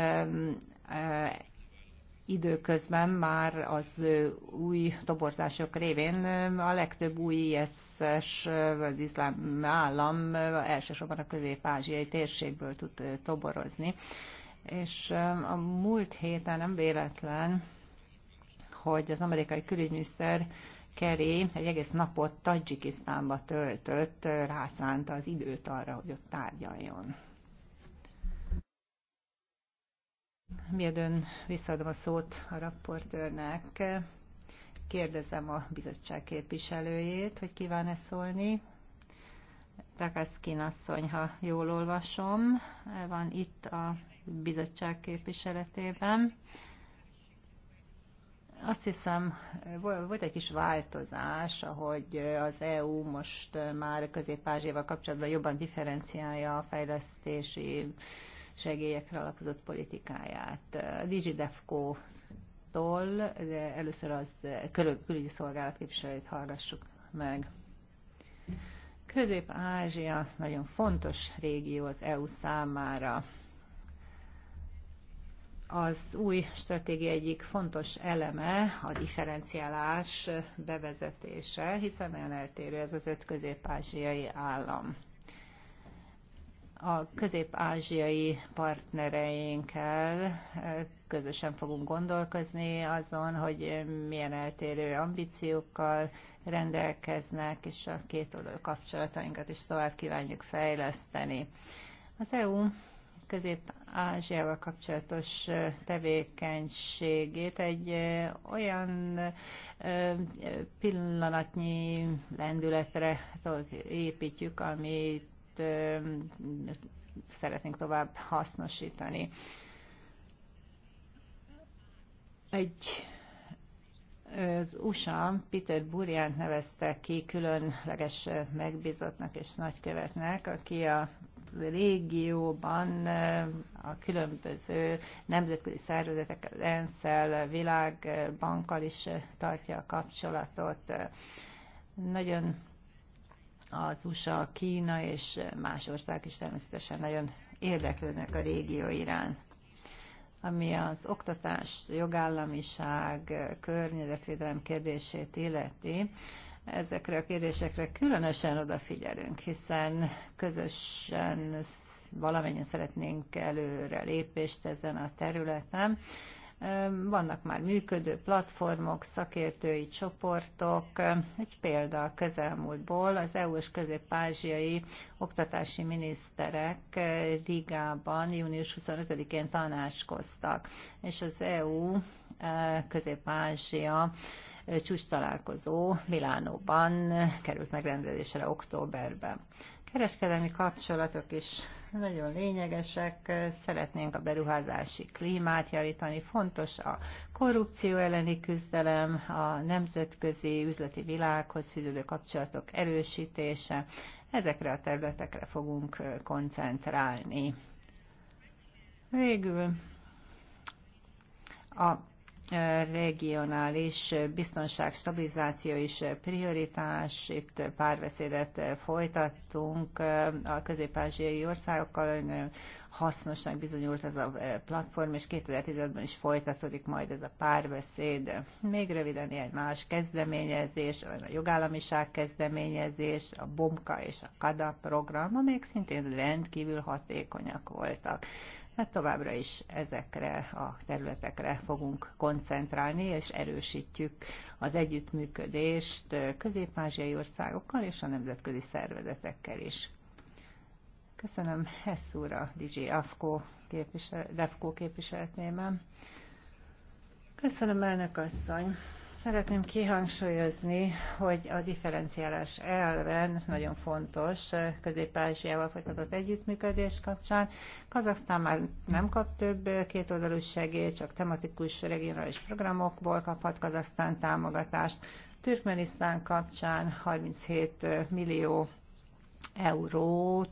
időközben már az új toborzások révén a legtöbb új ISZ-es iszlám állam elsősorban a közép-ázsiai térségből tud toborozni. És a múlt héten nem véletlen, hogy az amerikai külügyminiszter Kerry egy egész napot Tajikisztánba töltött, rászánta az időt arra, hogy ott tárgyaljon. Mielőtt visszaadom a szót a rapportőrnek, kérdezem a bizottság képviselőjét, hogy kíván-e szólni. Takaszkin asszony, ha jól olvasom, van itt a bizottság képviseletében. Azt hiszem, volt egy kis változás, ahogy az EU most már közép-ázsiával kapcsolatban jobban differenciálja a fejlesztési segélyekre alapozott politikáját. A DigiDefco-tól, de először az külügyi szolgálat képviselőit hallgassuk meg. Közép-Ázsia nagyon fontos régió az EU számára. Az új stratégia egyik fontos eleme a differenciálás bevezetése, hiszen nagyon eltérő ez az öt közép-ázsiai állam a közép-ázsiai partnereinkkel közösen fogunk gondolkozni azon, hogy milyen eltérő ambíciókkal rendelkeznek, és a két oldalú kapcsolatainkat is tovább kívánjuk fejleszteni. Az EU Közép-Ázsiával kapcsolatos tevékenységét egy olyan pillanatnyi lendületre építjük, amit szeretnénk tovább hasznosítani. Egy az USA Peter Burjánt nevezte ki különleges megbízottnak és nagykövetnek, aki a régióban a különböző nemzetközi szervezetek, az ENSZ-el, világbankkal is tartja a kapcsolatot. Nagyon az USA, Kína és más ország is természetesen nagyon érdeklődnek a régió iránt ami az oktatás, jogállamiság, környezetvédelem kérdését illeti, ezekre a kérdésekre különösen odafigyelünk, hiszen közösen valamennyien szeretnénk előre lépést ezen a területen, vannak már működő platformok, szakértői csoportok. Egy példa a közelmúltból az EU és közép-ázsiai oktatási miniszterek eh, Rigában június 25-én tanácskoztak, és az EU eh, közép-ázsia eh, csúcs találkozó Milánóban került megrendezésre októberben. Kereskedelmi kapcsolatok is nagyon lényegesek. Szeretnénk a beruházási klímát javítani. Fontos a korrupció elleni küzdelem, a nemzetközi üzleti világhoz fűződő kapcsolatok erősítése. Ezekre a területekre fogunk koncentrálni. Végül a regionális biztonság, stabilizáció is prioritás. Itt párbeszédet folytattunk a közép-ázsiai országokkal, hasznosnak bizonyult ez a platform, és 2010-ben is folytatódik majd ez a párbeszéd. Még röviden egy más kezdeményezés, a jogállamiság kezdeményezés, a BOMKA és a KADA program, amelyek szintén rendkívül hatékonyak voltak. Hát továbbra is ezekre a területekre fogunk koncentrálni, és erősítjük az együttműködést közép-ázsiai országokkal és a nemzetközi szervezetekkel is. Köszönöm Hessz úr a DJ AFKO képvisel, DEFKO képviseletnében. Köszönöm elnök asszony. Szeretném kihangsúlyozni, hogy a differenciálás elven nagyon fontos eh, Közép-Ázsiával folytatott együttműködés kapcsán. Kazaksztán már nem kap több eh, kétoldalú segélyt, csak tematikus regionális programokból kaphat Kazaksztán támogatást. Türkmenisztán kapcsán 37 eh, millió eurót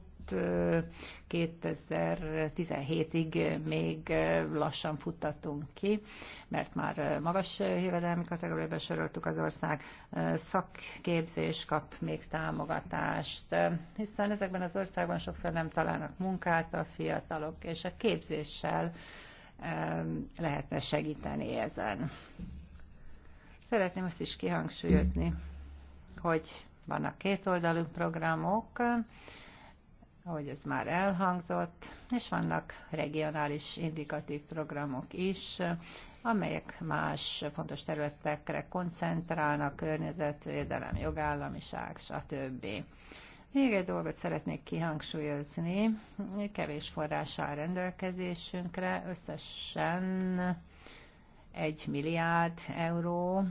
2017-ig még lassan futtattunk ki, mert már magas jövedelmi kategóriába soroltuk az ország, szakképzés kap még támogatást, hiszen ezekben az országban sokszor nem találnak munkát a fiatalok, és a képzéssel lehetne segíteni ezen. Szeretném azt is kihangsúlyozni, hogy vannak kétoldalú programok, ahogy ez már elhangzott, és vannak regionális indikatív programok is, amelyek más fontos területekre koncentrálnak, környezetvédelem, jogállamiság, stb. Még egy dolgot szeretnék kihangsúlyozni, kevés forrás áll rendelkezésünkre, összesen 1 milliárd euró,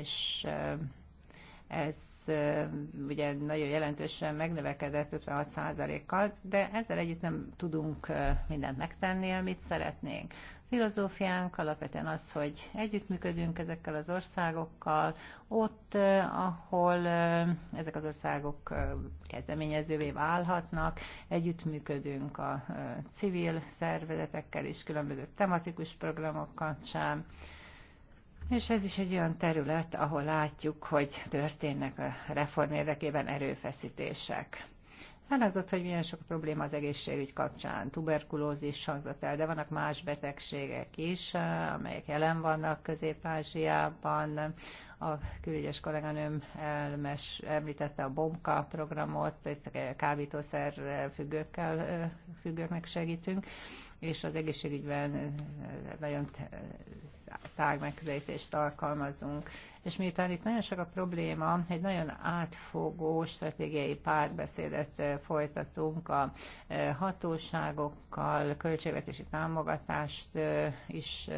és ez ugye nagyon jelentősen megnövekedett 56%-kal, de ezzel együtt nem tudunk mindent megtenni, amit szeretnénk. A filozófiánk alapvetően az, hogy együttműködünk ezekkel az országokkal, ott, ahol ezek az országok kezdeményezővé válhatnak, együttműködünk a civil szervezetekkel és különböző tematikus programok kapcsán. És ez is egy olyan terület, ahol látjuk, hogy történnek a reform érdekében erőfeszítések. Elhangzott, hát hogy milyen sok probléma az egészségügy kapcsán. Tuberkulózis hangzott el, de vannak más betegségek is, amelyek jelen vannak Közép-Ázsiában. A külügyes kolléganőm elmes, említette a BOMKA programot, itt a kábítószer függőkkel, függőknek segítünk és az egészségügyben eh, nagyon tág megközelítést alkalmazunk. És miután itt nagyon sok a probléma, egy nagyon átfogó stratégiai párbeszédet eh, folytatunk a eh, hatóságokkal, költségvetési támogatást is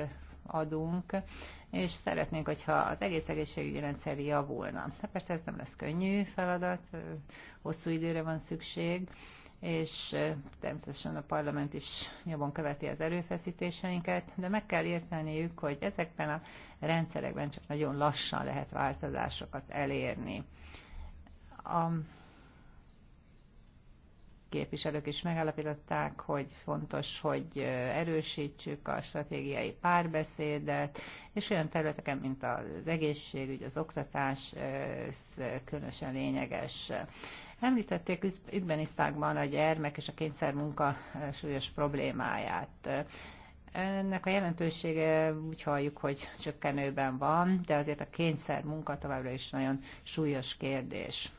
adunk, és szeretnénk, hogyha az egész egészségügyi rendszer javulna. Hát persze ez nem lesz könnyű feladat, hosszú időre van szükség, és természetesen a parlament is nyomon követi az erőfeszítéseinket, de meg kell érteniük, hogy ezekben a rendszerekben csak nagyon lassan lehet változásokat elérni. A képviselők is megállapították, hogy fontos, hogy erősítsük a stratégiai párbeszédet, és olyan területeken, mint az egészségügy, az oktatás, ez különösen lényeges. Említették Üzbenisztákban a gyermek és a kényszermunka eh, súlyos problémáját. Ennek a jelentősége úgy halljuk, hogy csökkenőben van, de azért a kényszer munka továbbra is nagyon súlyos kérdés.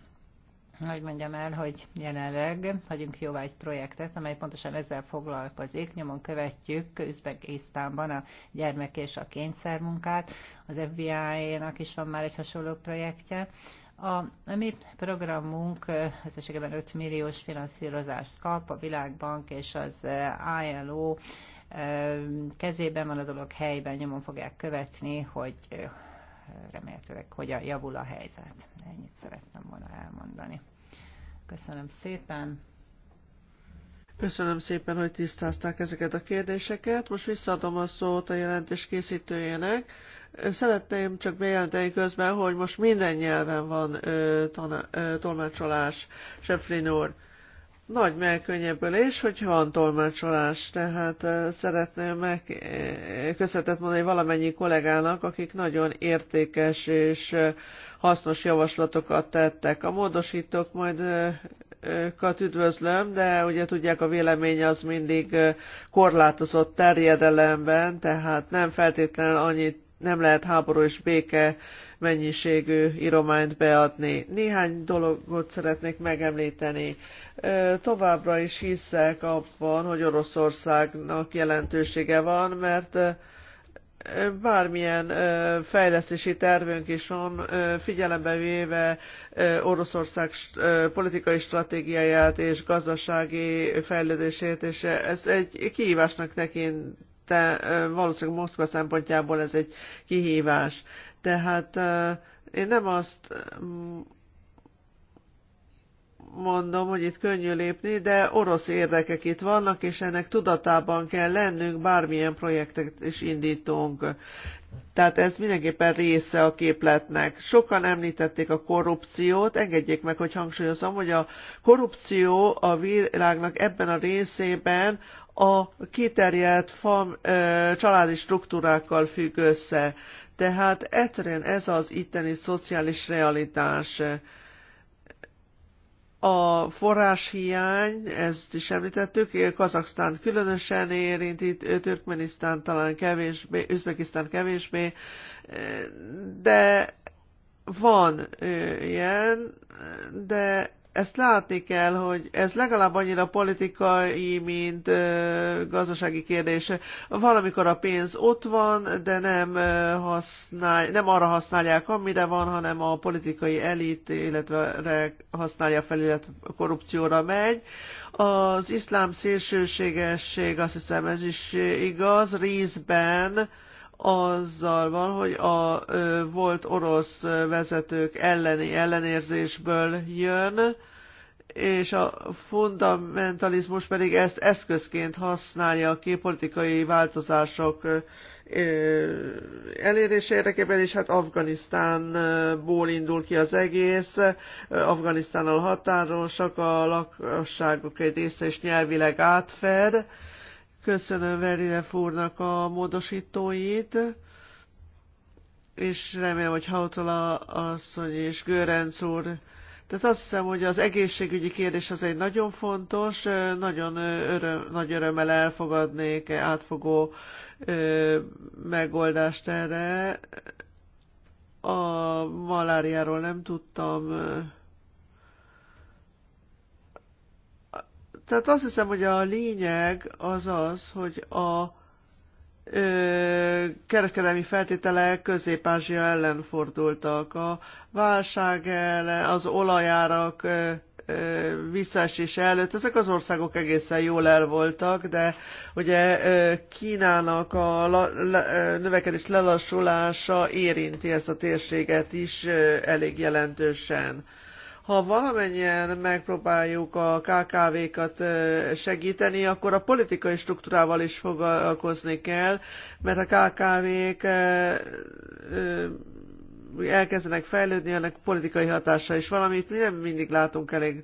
Hogy mondjam el, hogy jelenleg hagyunk jóvá egy projektet, amely pontosan ezzel foglalkozik. Nyomon követjük Üzbegisztánban a gyermek és a kényszermunkát. Az FBI-nak is van már egy hasonló projektje. A mi programunk összességében 5 milliós finanszírozást kap, a Világbank és az eh, ILO eh, kezében van a dolog helyben, nyomon fogják követni, hogy eh, remélhetőleg hogyan javul a helyzet. Ennyit szerettem volna elmondani. Köszönöm szépen! Köszönöm szépen, hogy tisztázták ezeket a kérdéseket. Most visszaadom a szót a jelentés készítőjének, Szeretném csak bejelenteni közben, hogy most minden nyelven van ö, tana, ö, tolmácsolás, Sefrin úr. Nagy megkönnyebbülés, hogyha van tolmácsolás, tehát ö, szeretném meg köszönetet mondani valamennyi kollégának, akik nagyon értékes és ö, hasznos javaslatokat tettek. A módosítók majd ö, üdvözlöm, de ugye tudják, a vélemény az mindig korlátozott terjedelemben, tehát nem feltétlenül annyit nem lehet háború és béke mennyiségű írományt beadni. Néhány dologot szeretnék megemlíteni. Továbbra is hiszek abban, hogy Oroszországnak jelentősége van, mert bármilyen fejlesztési tervünk is van, figyelembe véve Oroszország politikai stratégiáját és gazdasági fejlődését, és ez egy kihívásnak tekint te, valószínűleg Moszkva szempontjából ez egy kihívás. Tehát én nem azt mm, mondom, hogy itt könnyű lépni, de orosz érdekek itt vannak, és ennek tudatában kell lennünk, bármilyen projektet is indítunk. Tehát ez mindenképpen része a képletnek. Sokan említették a korrupciót, engedjék meg, hogy hangsúlyozom, hogy a korrupció a világnak ebben a részében a kiterjedt fam, családi struktúrákkal függ össze. Tehát egyszerűen ez az itteni szociális realitás. A forráshiány, ezt is említettük, Kazaksztán különösen érinti, Türkmenisztán talán kevésbé, Üzbekisztán kevésbé, de van ilyen, de ezt látni kell, hogy ez legalább annyira politikai, mint ö, gazdasági kérdése. Valamikor a pénz ott van, de nem, ö, használ, nem arra használják, amire van, hanem a politikai elit, illetve használja fel, illetve korrupcióra megy. Az iszlám szélsőségesség, azt hiszem ez is igaz, részben, ö, azzal van, hogy a volt orosz vezetők elleni ellenérzésből jön, és a fundamentalizmus pedig ezt eszközként használja a politikai változások elérés érdekében, és hát Afganisztánból indul ki az egész, Afganisztánnal határosak, a lakosságok egy része is nyelvileg átfed, Köszönöm Verilev úrnak a módosítóit, és remélem, hogy Hautala asszony és Görenc úr tehát azt hiszem, hogy az egészségügyi kérdés az egy nagyon fontos, nagyon öröm, nagy örömmel elfogadnék átfogó ö, megoldást erre. A maláriáról nem tudtam tehát azt hiszem, hogy a lényeg az az, hogy a ö, kereskedelmi feltételek Közép-Ázsia ellen fordultak. A válság ellen, az olajárak ö, ö, visszaesése előtt ezek az országok egészen jól el voltak, de ugye ö, Kínának a la, le, növekedés lelassulása érinti ezt a térséget is ö, elég jelentősen. Ö, ha valamennyien megpróbáljuk a KKV-kat segíteni, akkor a politikai struktúrával is foglalkozni kell, mert a KKV-k elkezdenek fejlődni, ennek politikai hatása is valamit mi nem mindig látunk elég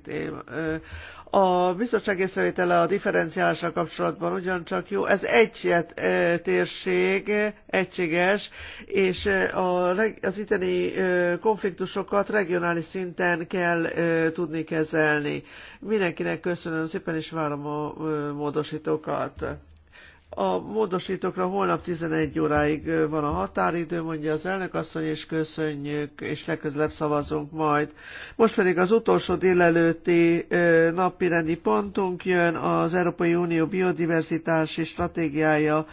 a bizottság észrevétele a differenciálással kapcsolatban ugyancsak jó, ez egy térség, egységes, és az itteni konfliktusokat regionális szinten kell tudni kezelni. Mindenkinek köszönöm szépen, és várom a módosítókat. A módosítókra holnap 11 óráig van a határidő, mondja az elnök. asszony, és köszönjük, és legközelebb szavazunk majd. Most pedig az utolsó délelőtti napirendi pontunk jön, az Európai Unió biodiverzitási stratégiája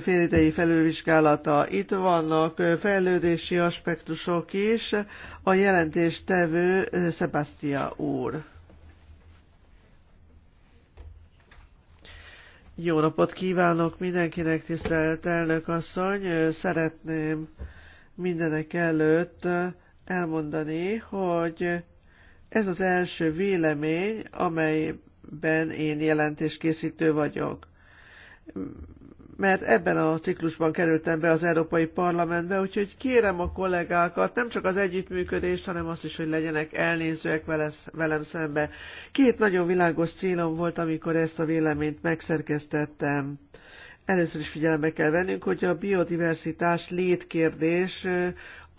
félidei felülvizsgálata. Itt vannak fejlődési aspektusok is. A jelentéstevő Sebastia úr. Jó napot kívánok mindenkinek, tisztelt elnök asszony! Szeretném mindenek előtt elmondani, hogy ez az első vélemény, amelyben én jelentéskészítő vagyok mert ebben a ciklusban kerültem be az Európai Parlamentbe, úgyhogy kérem a kollégákat, nem csak az együttműködést, hanem azt is, hogy legyenek elnézőek velem szembe. Két nagyon világos célom volt, amikor ezt a véleményt megszerkesztettem. Először is figyelembe kell vennünk, hogy a biodiversitás létkérdés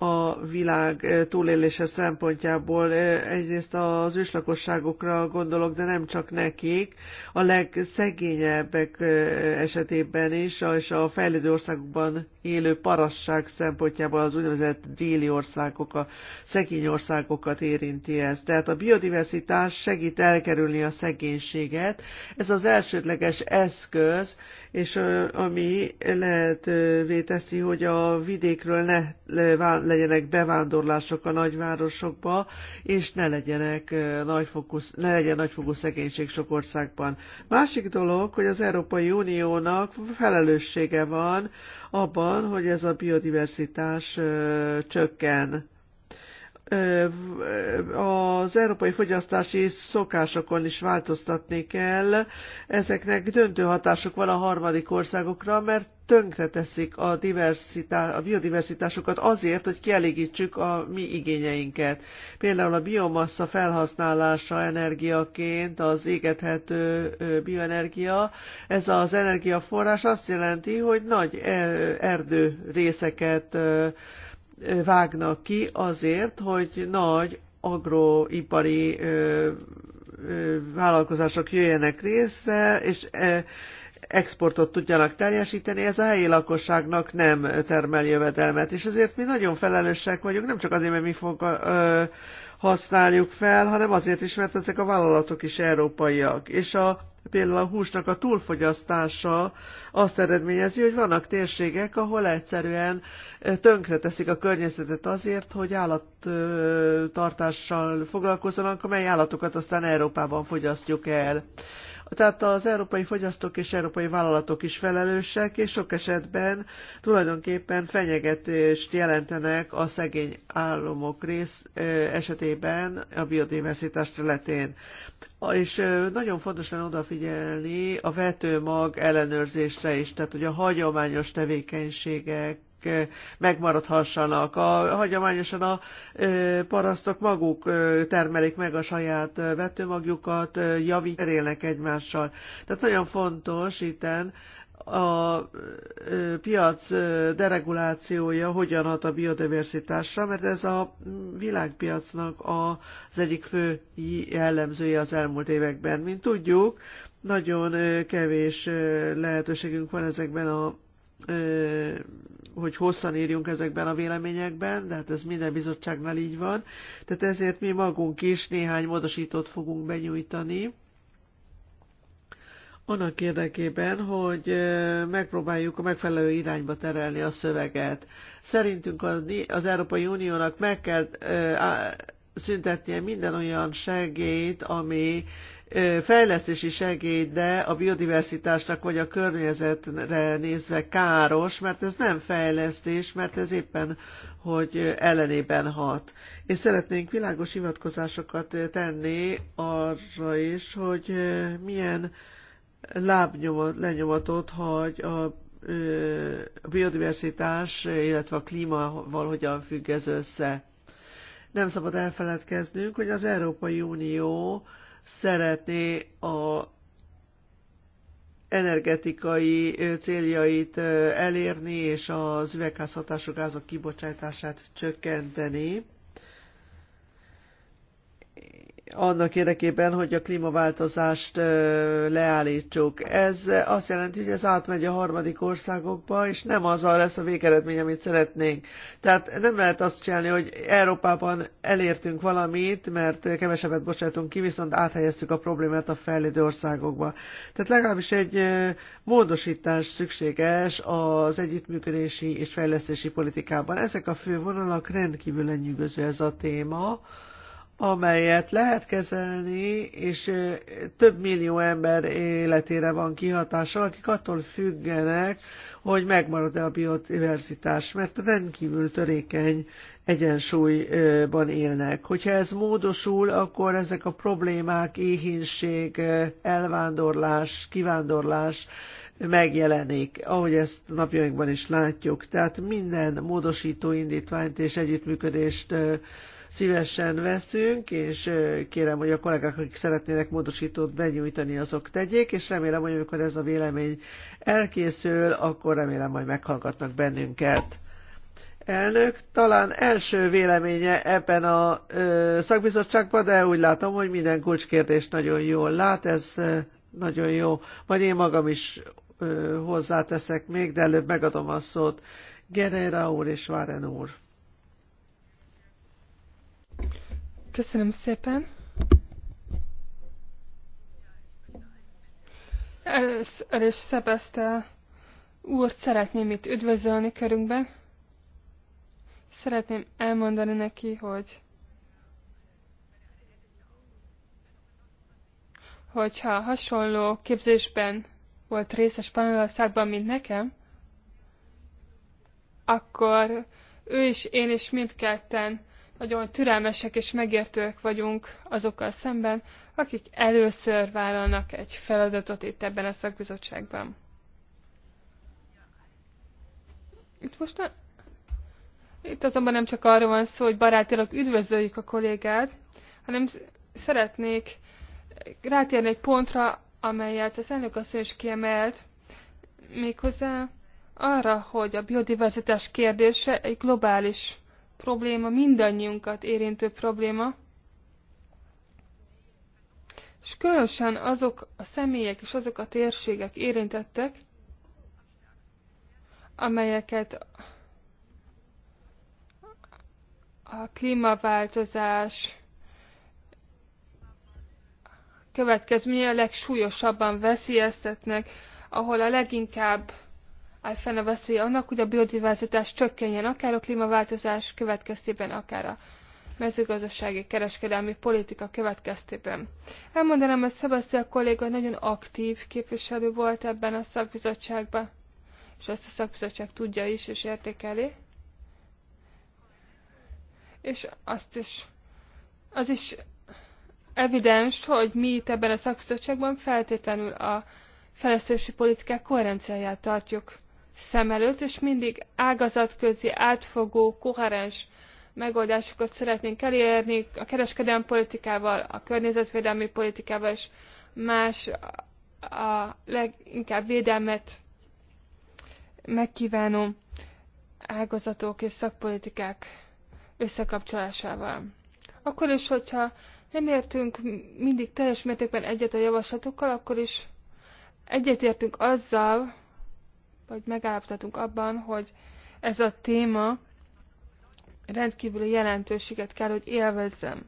a világ eh, túlélése szempontjából. Eh, egyrészt az őslakosságokra gondolok, de nem csak nekik, a legszegényebbek eh, esetében is, és a fejlődő országokban élő parasság szempontjából az úgynevezett déli országok, a szegény országokat érinti ez. Tehát a biodiversitás segít elkerülni a szegénységet. Ez az elsődleges eszköz, és ami lehetővé teszi, hogy a vidékről ne legyenek bevándorlások a nagyvárosokba, és ne, legyenek nagyfokú, ne legyen nagyfokú szegénység sok országban. Másik dolog, hogy az Európai Uniónak felelőssége van abban, hogy ez a biodiverzitás csökken az európai fogyasztási szokásokon is változtatni kell. Ezeknek döntő hatásuk van a harmadik országokra, mert tönkreteszik a, a biodiversitásokat azért, hogy kielégítsük a mi igényeinket. Például a biomassa felhasználása energiaként, az égethető bioenergia, ez az energiaforrás azt jelenti, hogy nagy er-, erdő részeket vágnak ki azért, hogy nagy agroipari vállalkozások jöjjenek részre, és exportot tudjanak teljesíteni, ez a helyi lakosságnak nem termel jövedelmet. És ezért mi nagyon felelősek vagyunk, nem csak azért, mert mi fog, használjuk fel, hanem azért is, mert ezek a vállalatok is európaiak. És a például a húsnak a túlfogyasztása azt eredményezi, hogy vannak térségek, ahol egyszerűen tönkreteszik a környezetet azért, hogy állattartással foglalkozzanak, amely állatokat aztán Európában fogyasztjuk el. Tehát az európai fogyasztók és európai vállalatok is felelősek, és sok esetben tulajdonképpen fenyegetést jelentenek a szegény államok rész esetében a biodiversitás területén. És nagyon fontos lenne odafigyelni a vetőmag ellenőrzésre is, tehát hogy a hagyományos tevékenységek megmaradhassanak. A, hagyományosan a parasztok maguk termelik meg a saját vetőmagjukat, javítják egymással. Tehát nagyon fontos itten a piac deregulációja hogyan hat a biodiversitásra, mert ez a világpiacnak az egyik fő jellemzője az elmúlt években. Mint tudjuk, nagyon kevés lehetőségünk van ezekben a hogy hosszan írjunk ezekben a véleményekben, de hát ez minden bizottságnál így van. Tehát ezért mi magunk is néhány módosítót fogunk benyújtani, annak érdekében, hogy megpróbáljuk a megfelelő irányba terelni a szöveget. Szerintünk az Európai Uniónak meg kell szüntetnie minden olyan segélyt, ami fejlesztési segély, de a biodiversitásnak vagy a környezetre nézve káros, mert ez nem fejlesztés, mert ez éppen, hogy ellenében hat. És szeretnénk világos hivatkozásokat tenni arra is, hogy milyen lábnyomat, lenyomatot hagy a a biodiversitás, illetve a klímaval hogyan függ ez össze. Nem szabad elfeledkeznünk, hogy az Európai Unió szeretné a energetikai céljait elérni és az üvegházhatású gázok kibocsátását csökkenteni annak érdekében, hogy a klímaváltozást leállítsuk. Ez azt jelenti, hogy ez átmegy a harmadik országokba, és nem az a lesz a végeredmény, amit szeretnénk. Tehát nem lehet azt csinálni, hogy Európában elértünk valamit, mert kevesebbet bocsátunk ki, viszont áthelyeztük a problémát a fejlődő országokba. Tehát legalábbis egy módosítás szükséges az együttműködési és fejlesztési politikában. Ezek a fő vonalak rendkívül lenyűgöző ez a téma amelyet lehet kezelni, és több millió ember életére van kihatással, akik attól függenek, hogy megmarad-e a biodiverzitás, mert rendkívül törékeny egyensúlyban élnek. Hogyha ez módosul, akkor ezek a problémák, éhínség, elvándorlás, kivándorlás megjelenik, ahogy ezt napjainkban is látjuk. Tehát minden módosító indítványt és együttműködést szívesen veszünk, és kérem, hogy a kollégák, akik szeretnének módosítót benyújtani, azok tegyék, és remélem, hogy amikor ez a vélemény elkészül, akkor remélem majd meghallgatnak bennünket elnök talán első véleménye ebben a ö, szakbizottságban, de úgy látom, hogy minden kulcskérdést nagyon jól lát, ez ö, nagyon jó. Vagy én magam is ö, hozzáteszek még, de előbb megadom a szót Gerera úr és Váren úr. Köszönöm szépen. Először is Szebeszte úr, szeretném itt üdvözölni körünkben. Szeretném elmondani neki, hogy hogyha hasonló képzésben volt részes Spanyolországban, mint nekem, akkor ő is, én is mindketten nagyon türelmesek és megértőek vagyunk azokkal szemben, akik először vállalnak egy feladatot itt ebben a szakbizottságban. Itt most ne... Itt azonban nem csak arról van szó, hogy barátilag üdvözöljük a kollégát, hanem szeretnék rátérni egy pontra, amelyet az elnök asszony is kiemelt, méghozzá arra, hogy a biodiverzitás kérdése egy globális probléma mindannyiunkat érintő probléma, és különösen azok a személyek és azok a térségek érintettek, amelyeket a klímaváltozás következménye a legsúlyosabban veszélyeztetnek, ahol a leginkább áll fenn a veszély annak, hogy a biodiverzitás csökkenjen akár a klímaváltozás következtében, akár a mezőgazdasági kereskedelmi politika következtében. Elmondanám, hogy a kolléga nagyon aktív képviselő volt ebben a szakbizottságban, és ezt a szakbizottság tudja is és értékeli. És azt is, az is evidens, hogy mi itt ebben a szakbizottságban feltétlenül a fejlesztési politikák koherenciáját tartjuk szem előtt, és mindig ágazatközi, átfogó, koherens megoldásokat szeretnénk elérni a kereskedelmi politikával, a környezetvédelmi politikával és más a leginkább védelmet megkívánó ágazatok és szakpolitikák összekapcsolásával. Akkor is, hogyha nem értünk mindig teljes mértékben egyet a javaslatokkal, akkor is egyetértünk azzal, vagy megállapodhatunk abban, hogy ez a téma rendkívüli jelentőséget kell, hogy élvezzem.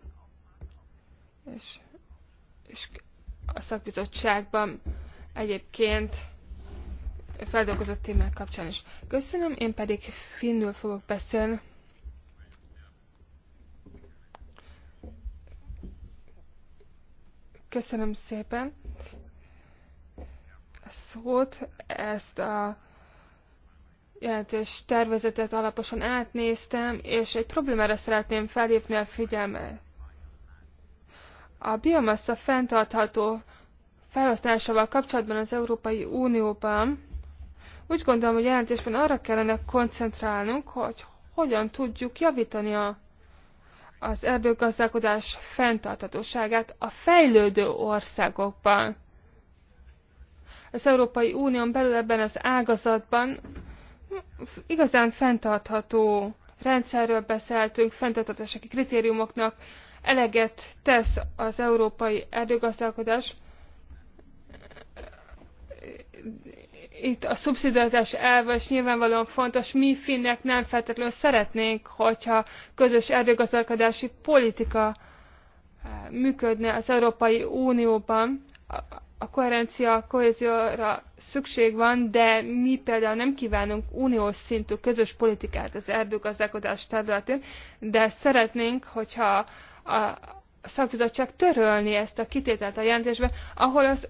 És, és a szakbizottságban egyébként feldolgozott témák kapcsán is. Köszönöm, én pedig finnül fogok beszélni. Köszönöm szépen a szót, ezt a jelentős tervezetet alaposan átnéztem, és egy problémára szeretném felhívni a figyelmet. A biomassa fenntartható felhasználásával kapcsolatban az Európai Unióban úgy gondolom, hogy jelentésben arra kellene koncentrálnunk, hogy hogyan tudjuk javítani a, az erdőgazdálkodás fenntartatóságát a fejlődő országokban. Az Európai Unión belül ebben az ágazatban igazán fenntartható rendszerről beszéltünk, fenntartatási kritériumoknak eleget tesz az európai erdőgazdálkodás. Itt a szubszidiaritás elve is nyilvánvalóan fontos. Mi finnek nem feltétlenül szeretnénk, hogyha közös erdőgazdálkodási politika eh, működne az Európai Unióban a koherencia, a kohézióra szükség van, de mi például nem kívánunk uniós szintű közös politikát az erdőgazdálkodás területén, de szeretnénk, hogyha a szakbizottság törölni ezt a kitételt a jelentésben, ahol az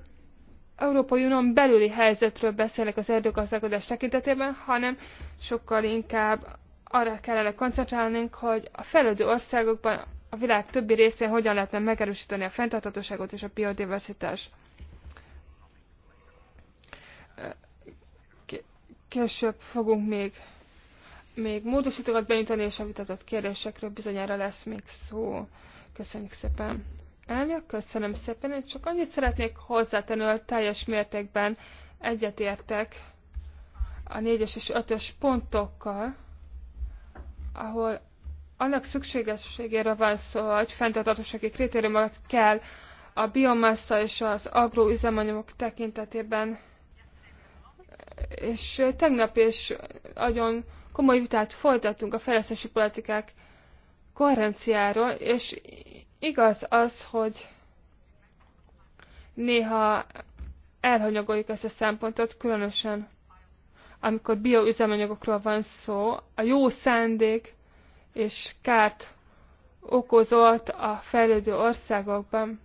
Európai Unión belüli helyzetről beszélek az erdőgazdálkodás tekintetében, hanem sokkal inkább arra kellene koncentrálnunk, hogy a fejlődő országokban, a világ többi részén hogyan lehetne megerősíteni a fenntarthatóságot és a biodiversitást Később fogunk még, még módosítókat benyújtani, és a vitatott kérdésekről bizonyára lesz még szó. Köszönjük szépen. Elnök, köszönöm szépen. Én csak annyit szeretnék hozzátenni, hogy teljes mértékben egyetértek a 4-es és 5-ös pontokkal, ahol annak szükségességéről van szó, hogy fenntartatósági kritériumokat kell a biomassa és az agroüzemanyagok tekintetében és tegnap is nagyon komoly vitát folytattunk a fejlesztési politikák koherenciáról, és igaz az, hogy néha elhanyagoljuk ezt a szempontot, különösen amikor bioüzemanyagokról van szó, a jó szándék és kárt okozott a fejlődő országokban.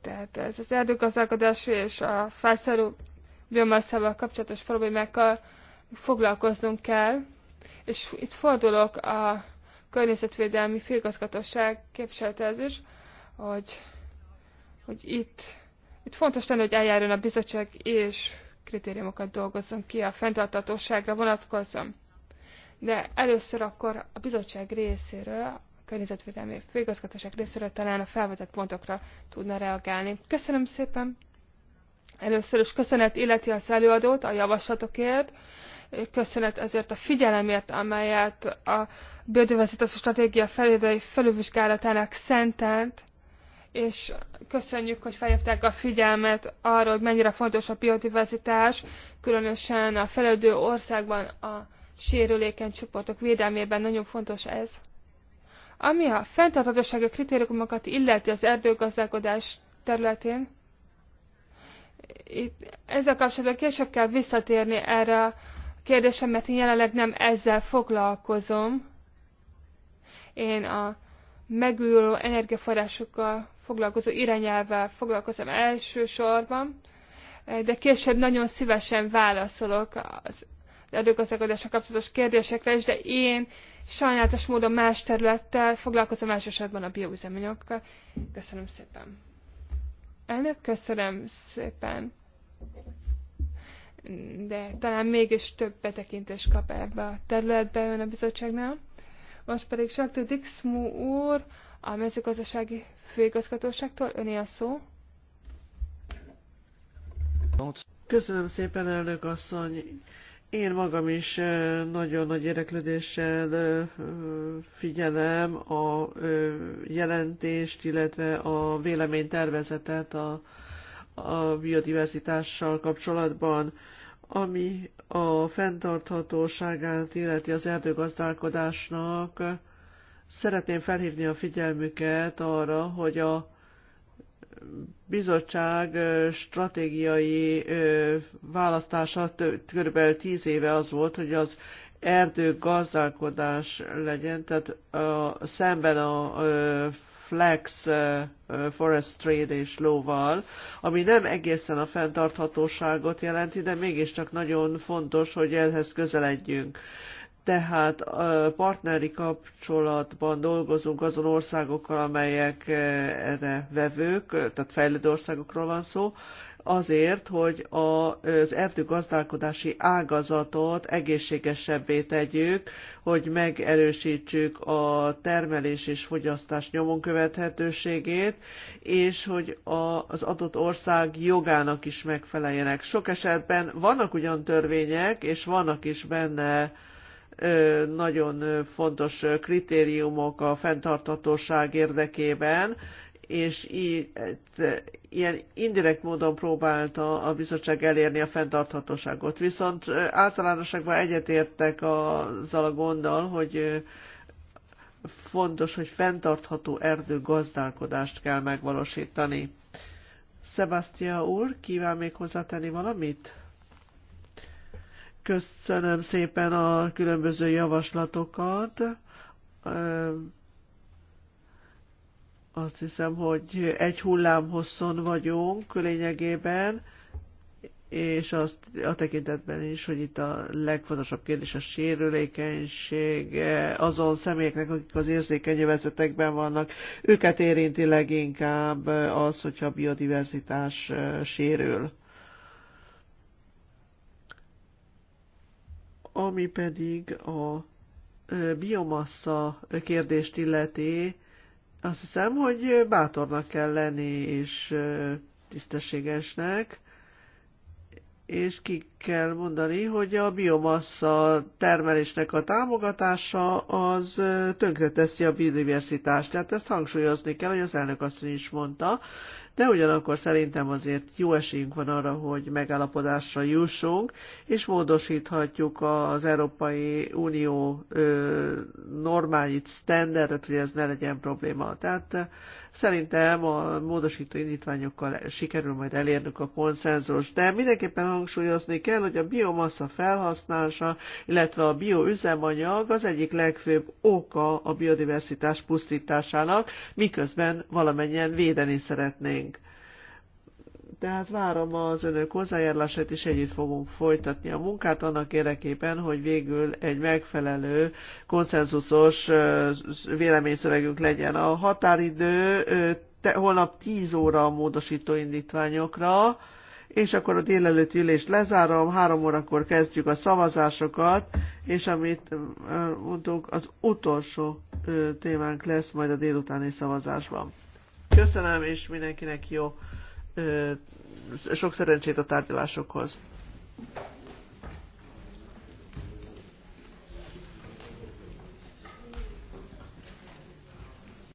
Tehát ez az erdőgazdálkodás és a felszerű biomasszával kapcsolatos problémákkal foglalkoznunk kell, és itt fordulok a környezetvédelmi főigazgatóság képviseletehez is, hogy, hogy itt, itt fontos lenne, hogy eljárjon a bizottság és kritériumokat dolgozzon ki a fenntartatóságra vonatkozom. De először akkor a bizottság részéről, a környezetvédelmi főigazgatóság részéről talán a felvetett pontokra tudna reagálni. Köszönöm szépen! Először is köszönet illeti az előadót a javaslatokért, köszönet ezért a figyelemért, amelyet a biodiverzitási stratégia felé felülvizsgálatának szentelt, és köszönjük, hogy felhívták a figyelmet arra, hogy mennyire fontos a biodiverzitás, különösen a felelődő országban a sérülékeny csoportok védelmében nagyon fontos ez. Ami a fenntarthatósági kritériumokat illeti az erdőgazdálkodás területén, itt, ezzel kapcsolatban később kell visszatérni erre a kérdésem, mert én jelenleg nem ezzel foglalkozom. Én a megújuló energiaforrásokkal foglalkozó irányelvvel foglalkozom elsősorban, de később nagyon szívesen válaszolok az előgazdálkodással kapcsolatos kérdésekre is, de én sajnálatos módon más területtel foglalkozom elsősorban a bioüzemanyagokkal. Köszönöm szépen! Elnök, köszönöm szépen. De talán mégis több betekintés kap ebbe a területbe ön a bizottságnál. Most pedig Sartó Dixmú úr, a mezőgazdasági főigazgatóságtól öné a szó. Köszönöm szépen, elnök asszony. Én magam is nagyon nagy érdeklődéssel figyelem a jelentést, illetve a véleménytervezetet a, a biodiverzitással kapcsolatban, ami a fenntarthatóságát illeti az erdőgazdálkodásnak. Szeretném felhívni a figyelmüket arra, hogy a bizottság stratégiai választása kb. tíz éve az volt, hogy az erdő gazdálkodás legyen, tehát a, szemben a, a flex forest trade és lóval, ami nem egészen a fenntarthatóságot jelenti, de mégiscsak nagyon fontos, hogy ehhez közeledjünk tehát partneri kapcsolatban dolgozunk azon országokkal, amelyek erre vevők, tehát fejlődő országokról van szó, azért, hogy az erdőgazdálkodási ágazatot egészségesebbé tegyük, hogy megerősítsük a termelés és fogyasztás nyomon követhetőségét, és hogy az adott ország jogának is megfeleljenek. Sok esetben vannak ugyan törvények, és vannak is benne nagyon fontos kritériumok a fenntarthatóság érdekében, és így ilyen indirekt módon próbálta a bizottság elérni a fenntarthatóságot. Viszont általánosságban egyetértek azzal a gonddal, hogy fontos, hogy fenntartható erdőgazdálkodást kell megvalósítani. Sebastia úr, kíván még hozzátenni valamit? Köszönöm szépen a különböző javaslatokat. Azt hiszem, hogy egy hullám hosszon vagyunk lényegében, és azt a tekintetben is, hogy itt a legfontosabb kérdés a sérülékenység azon személyeknek, akik az érzékeny vezetekben vannak, őket érinti leginkább az, hogyha a biodiverzitás sérül. Ami pedig a biomassa kérdést illeti, azt hiszem, hogy bátornak kell lenni és tisztességesnek, és ki kell mondani, hogy a biomassa termelésnek a támogatása az tönkreteszi a biodiversitást. Tehát ezt hangsúlyozni kell, hogy az elnök azt is mondta de ugyanakkor szerintem azért jó esélyünk van arra, hogy megállapodásra jussunk, és módosíthatjuk az Európai Unió normáit, standardet, hogy ez ne legyen probléma. Tehát Szerintem a módosító indítványokkal sikerül majd elérnünk a konszenzus, de mindenképpen hangsúlyozni kell, hogy a biomassa felhasználása, illetve a bioüzemanyag az egyik legfőbb oka a biodiversitás pusztításának, miközben valamennyien védeni szeretnénk hát várom az önök hozzájárlását, és együtt fogunk folytatni a munkát annak érdekében, hogy végül egy megfelelő konszenzusos véleményszövegünk legyen. A határidő te, holnap 10 óra a módosító indítványokra, és akkor a délelőtt ülést lezárom, három órakor kezdjük a szavazásokat, és amit mondtuk az utolsó témánk lesz majd a délutáni szavazásban. Köszönöm, és mindenkinek jó sok szerencsét a tárgyalásokhoz.